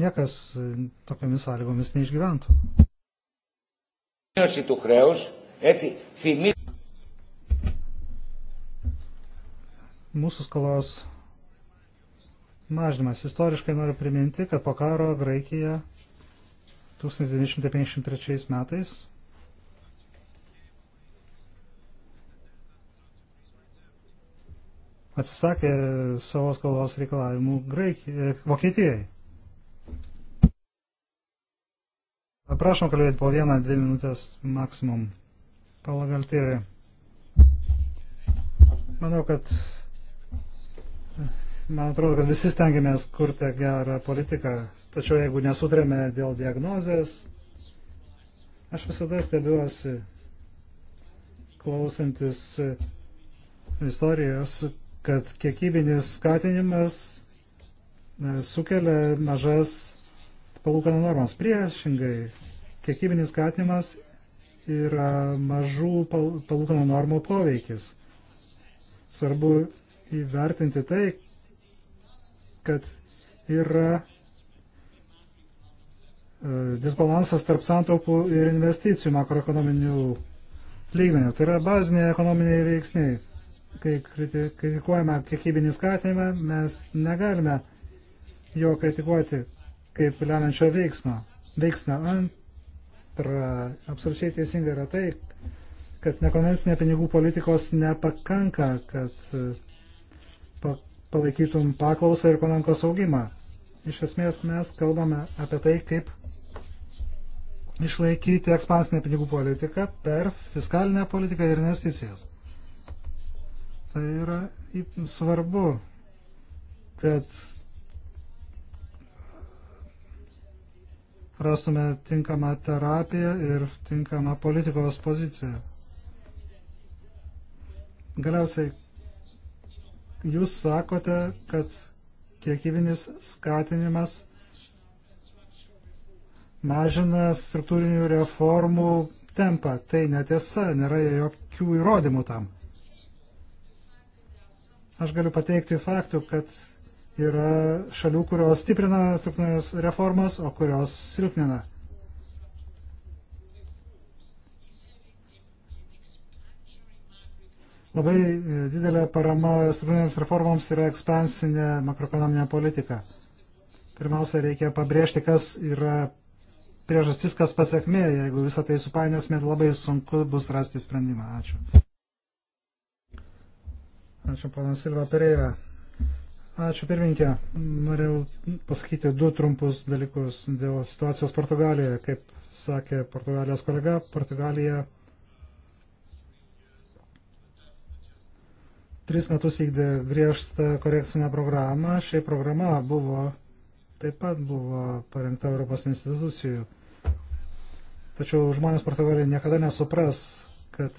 Speaker 2: Niekas e, tokiamis sąlygomis neišgyventų. Mūsų skolos mažinimas. Istoriškai noriu priminti, kad po karo Graikija 1953 metais atsisakė savo skolos reikalavimų Graikijai, e, Vokietijai. Prašom kalbėti po vieną, dvi minutės maksimum. Paula Galtyrė. Manau, kad Man atrodo, kad visi stengiamės kurti gerą politiką, tačiau jeigu nesutrėme dėl diagnozės, aš visada stebiuosi klausantis istorijos, kad kiekybinis skatinimas e, sukelia mažas palūkanų normas. Priešingai, kiekybinis skatinimas yra mažų palūkanų normų poveikis. Svarbu įvertinti tai, kad yra e, disbalansas tarp santaupų ir investicijų makroekonominių lygmenių. Tai yra baziniai ekonominiai veiksniai. Kai kritikuojame kiekybinį skatinimą, mes negalime jo kritikuoti kaip lemiančio veiksmo. Veiksnio antra, absoliučiai teisinga yra tai, kad nekonvencinė pinigų politikos nepakanka, kad palaikytum paklausą ir ekonomikos augimą. Iš esmės mes kalbame apie tai, kaip išlaikyti ekspansinę pinigų politiką per fiskalinę politiką ir investicijas. Tai yra svarbu, kad rastume tinkamą terapiją ir tinkamą politikos poziciją. Galiausiai Jūs sakote, kad kiekybinis skatinimas mažina struktūrinių reformų tempą. Tai netiesa, nėra jokių įrodymų tam. Aš galiu pateikti faktų, kad yra šalių, kurios stiprina struktūrinės reformas, o kurios silpnina. Labai e, didelė parama struktūrinėms reformoms yra ekspansinė makroekonominė politika. Pirmiausia, reikia pabrėžti, kas yra priežastis, kas pasiekmė. Jeigu visą tai supainiosime, labai sunku bus rasti sprendimą. Ačiū. Ačiū, ponas Silva Pereira. Ačiū, pirmininkė. Norėjau pasakyti du trumpus dalykus dėl situacijos Portugalijoje. Kaip sakė Portugalijos kolega, Portugalija tris metus vykdė griežtą korekcinę programą. Ši programa buvo, taip pat buvo parengta Europos institucijų. Tačiau žmonės Portugalija niekada nesupras, kad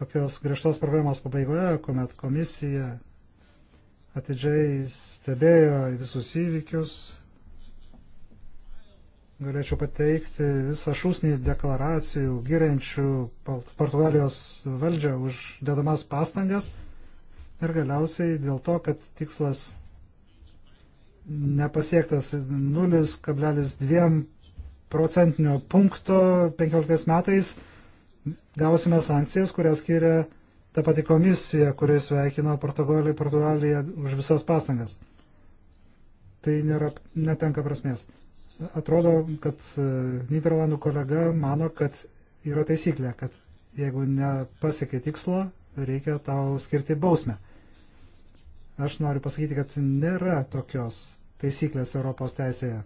Speaker 2: tokios griežtos programos pabaigoje, kuomet komisija atidžiai stebėjo visus įvykius, galėčiau pateikti visą šūsnį deklaracijų, giriančių Portugalijos valdžią už dedamas pastangas, Ir galiausiai dėl to, kad tikslas nepasiektas 0,2 procentinio punkto 15 metais, gausime sankcijas, kurias skiria ta pati komisija, kuris sveikino Portugaliją, Portugaliją už visas pastangas. Tai nėra, netenka prasmės. Atrodo, kad e, Niderlandų kolega mano, kad yra taisyklė, kad jeigu nepasiekė tikslo, reikia tau skirti bausmę. Aš noriu pasakyti, kad nėra tokios taisyklės Europos teisėje.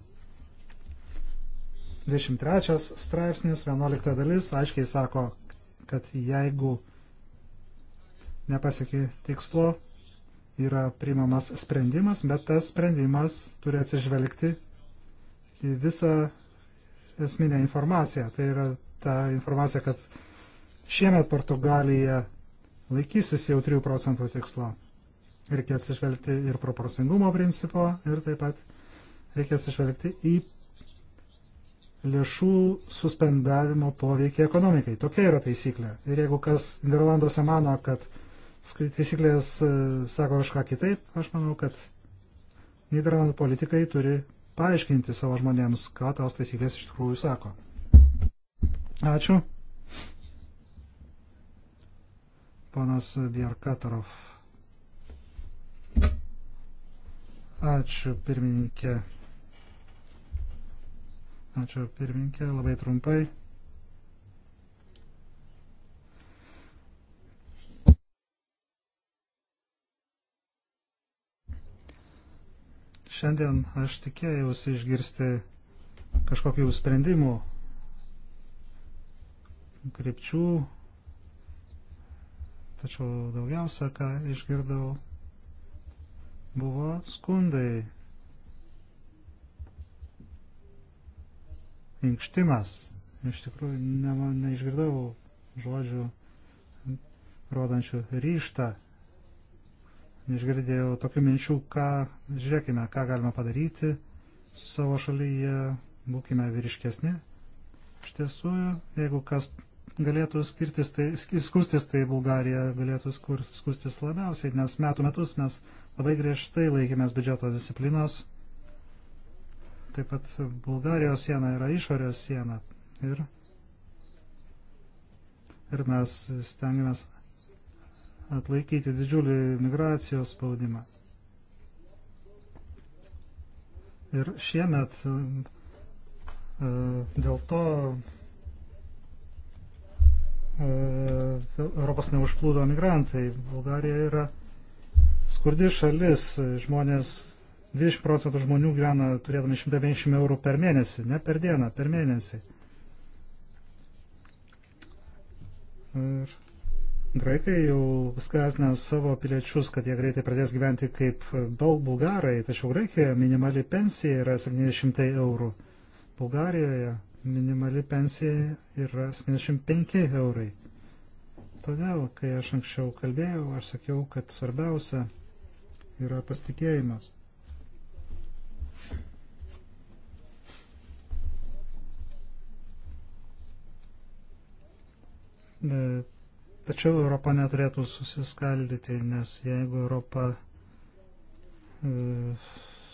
Speaker 2: 23 straipsnis, 11 dalis aiškiai sako, kad jeigu nepasiekė tikslo, yra priimamas sprendimas, bet tas sprendimas turi atsižvelgti į visą esminę informaciją. Tai yra ta informacija, kad šiemet Portugalija laikysis jau 3 procentų tikslo reikės išvelgti ir proporcingumo principo ir taip pat reikės išvelgti į lėšų suspendavimo poveikį ekonomikai. Tokia yra taisyklė. Ir jeigu kas Niderlanduose mano, kad taisyklės e, sako kažką kitaip, aš manau, kad Niderlandų politikai turi paaiškinti savo žmonėms, ką tos taisyklės iš tikrųjų sako. Ačiū. Ponas Bjerkatarov. Ačiū pirmininkė. Ačiū pirmininkė, labai trumpai. Šiandien aš tikėjausi išgirsti kažkokių sprendimų, krypčių, tačiau daugiausia, ką išgirdau, buvo skundai, inkštimas. Iš tikrųjų, ne, neišgirdau žodžių rodančių ryštą. Neišgirdėjau tokių minčių, ką, žiūrėkime, ką galime padaryti su savo šalyje, būkime vyriškesni. Iš tiesų, jeigu kas galėtų skirtis, tai, skustis, tai Bulgarija galėtų skustis labiausiai, nes metų metus mes Labai griežtai laikėmės biudžeto disciplinos. Taip pat Bulgarijos siena yra išorės siena. Ir, ir mes stengiamės atlaikyti didžiulį migracijos spaudimą. Ir šiemet e, dėl to e, Europos neužplūdo migrantai. Bulgarija yra skurdi šalis, žmonės, 20 procentų žmonių gyvena turėdami 150 eurų per mėnesį, ne per dieną, per mėnesį. Ir graikai jau skasina savo piliečius, kad jie greitai pradės gyventi kaip bulgarai, tačiau Graikijoje minimali pensija yra 700 eurų. Bulgarijoje minimali pensija yra 75 eurai. Todėl, kai aš anksčiau kalbėjau, aš sakiau, kad svarbiausia yra pasitikėjimas. Tačiau Europa neturėtų susiskaldyti, nes jeigu Europa e,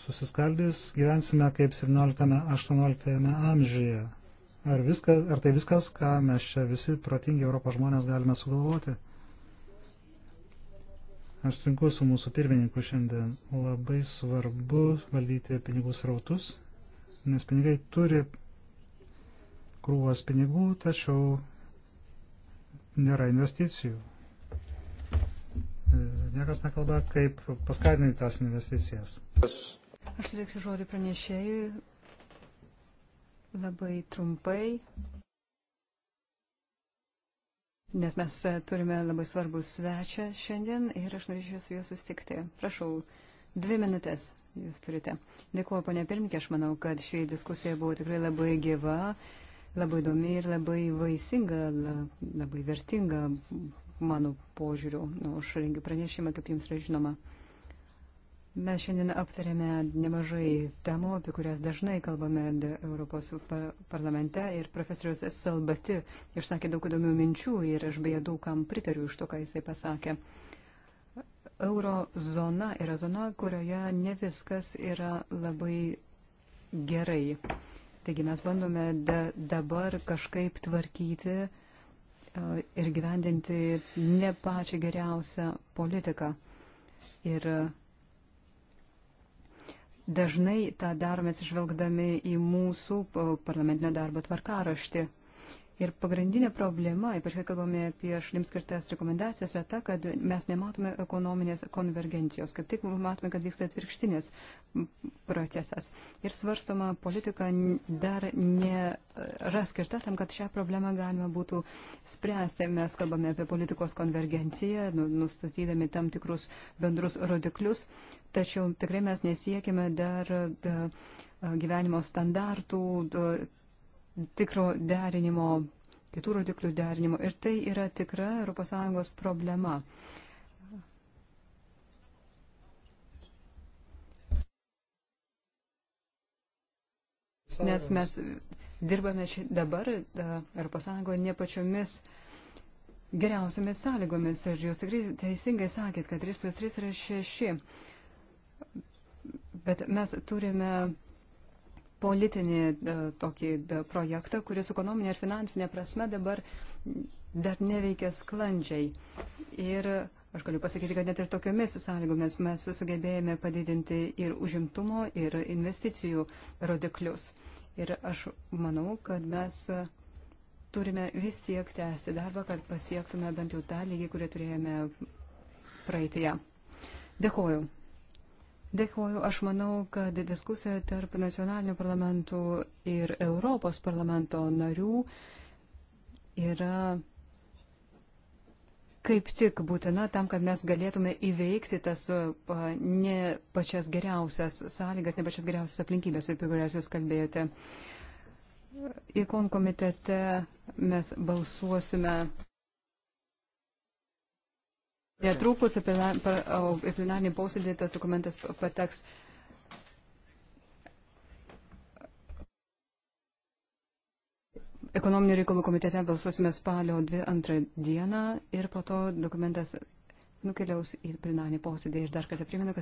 Speaker 2: susiskaldys, gyvensime kaip 17-18 amžiuje. Ar, viskas, ar tai viskas, ką mes čia visi protingi Europos žmonės galime sugalvoti? Aš sutinku su mūsų pirmininku šiandien. Labai svarbu valdyti pinigų srautus, nes pinigai turi krūvas pinigų, tačiau nėra investicijų. Niekas nekalba, kaip paskatinti tas investicijas.
Speaker 3: Aš suteiksiu žodį pranešėjui labai trumpai nes mes e, turime labai svarbų svečią šiandien ir aš norėčiau su juo susitikti. Prašau, dvi minutės jūs turite. Dėkuoju, ponė pirmininkė, aš manau, kad ši diskusija buvo tikrai labai gyva, labai įdomi ir labai vaisinga, labai vertinga mano požiūriu. Nu, aš rengiu pranešimą, kaip jums yra žinoma. Mes šiandien aptarėme nemažai temų, apie kurias dažnai kalbame Europos parlamente ir profesorius Salbati išsakė daug įdomių minčių ir aš beje daug kam pritariu iš to, ką jisai pasakė. Eurozona yra zona, kurioje ne viskas yra labai gerai. Taigi mes bandome da, dabar kažkaip tvarkyti ir gyvendinti ne pačią geriausią politiką. Ir Dažnai tą darome atsižvelgdami į mūsų parlamentinio darbo tvarkaraštį. Ir pagrindinė problema, ypač kai kalbame apie šalims skirtas rekomendacijas, yra ta, kad mes nematome ekonominės konvergencijos. Kaip tik matome, kad vyksta atvirkštinis procesas. Ir svarstoma politika dar nėra skirta tam, kad šią problemą galima būtų spręsti. Mes kalbame apie politikos konvergenciją, nu, nustatydami tam tikrus bendrus rodiklius, tačiau tikrai mes nesiekime dar da, gyvenimo standartų, da, tikro derinimo, kitų rodiklių derinimo. Ir tai yra tikra ES problema. Nes mes dirbame ši, dabar ES ne pačiomis geriausiamis sąlygomis. Ir jūs tikrai teisingai sakėt, kad 3 plus 3 yra 6 bet mes turime politinį e, tokį e, projektą, kuris ekonominė ir finansinė prasme dabar dar neveikia sklandžiai. Ir aš galiu pasakyti, kad net ir tokiomis sąlygomis mes sugebėjome padidinti ir užimtumo, ir investicijų rodiklius. Ir aš manau, kad mes turime vis tiek tęsti darbą, kad pasiektume bent jau tą lygį, kurį turėjome praeitėje. Dėkuoju. Dėkuoju, aš manau, kad diskusija tarp nacionalinių parlamentų ir Europos parlamento narių yra kaip tik būtina tam, kad mes galėtume įveikti tas ne pačias geriausias sąlygas, ne pačias geriausias aplinkybės, apie kurias jūs kalbėjote. Ikon komitete mes balsuosime Netrukus į plenarinį posėdį tas dokumentas pateks. Ekonominio reikalų komitete balsuosime spalio 2 dieną ir po to dokumentas nukeliaus į plenarinį posėdį. Ir dar kartą primenu, kad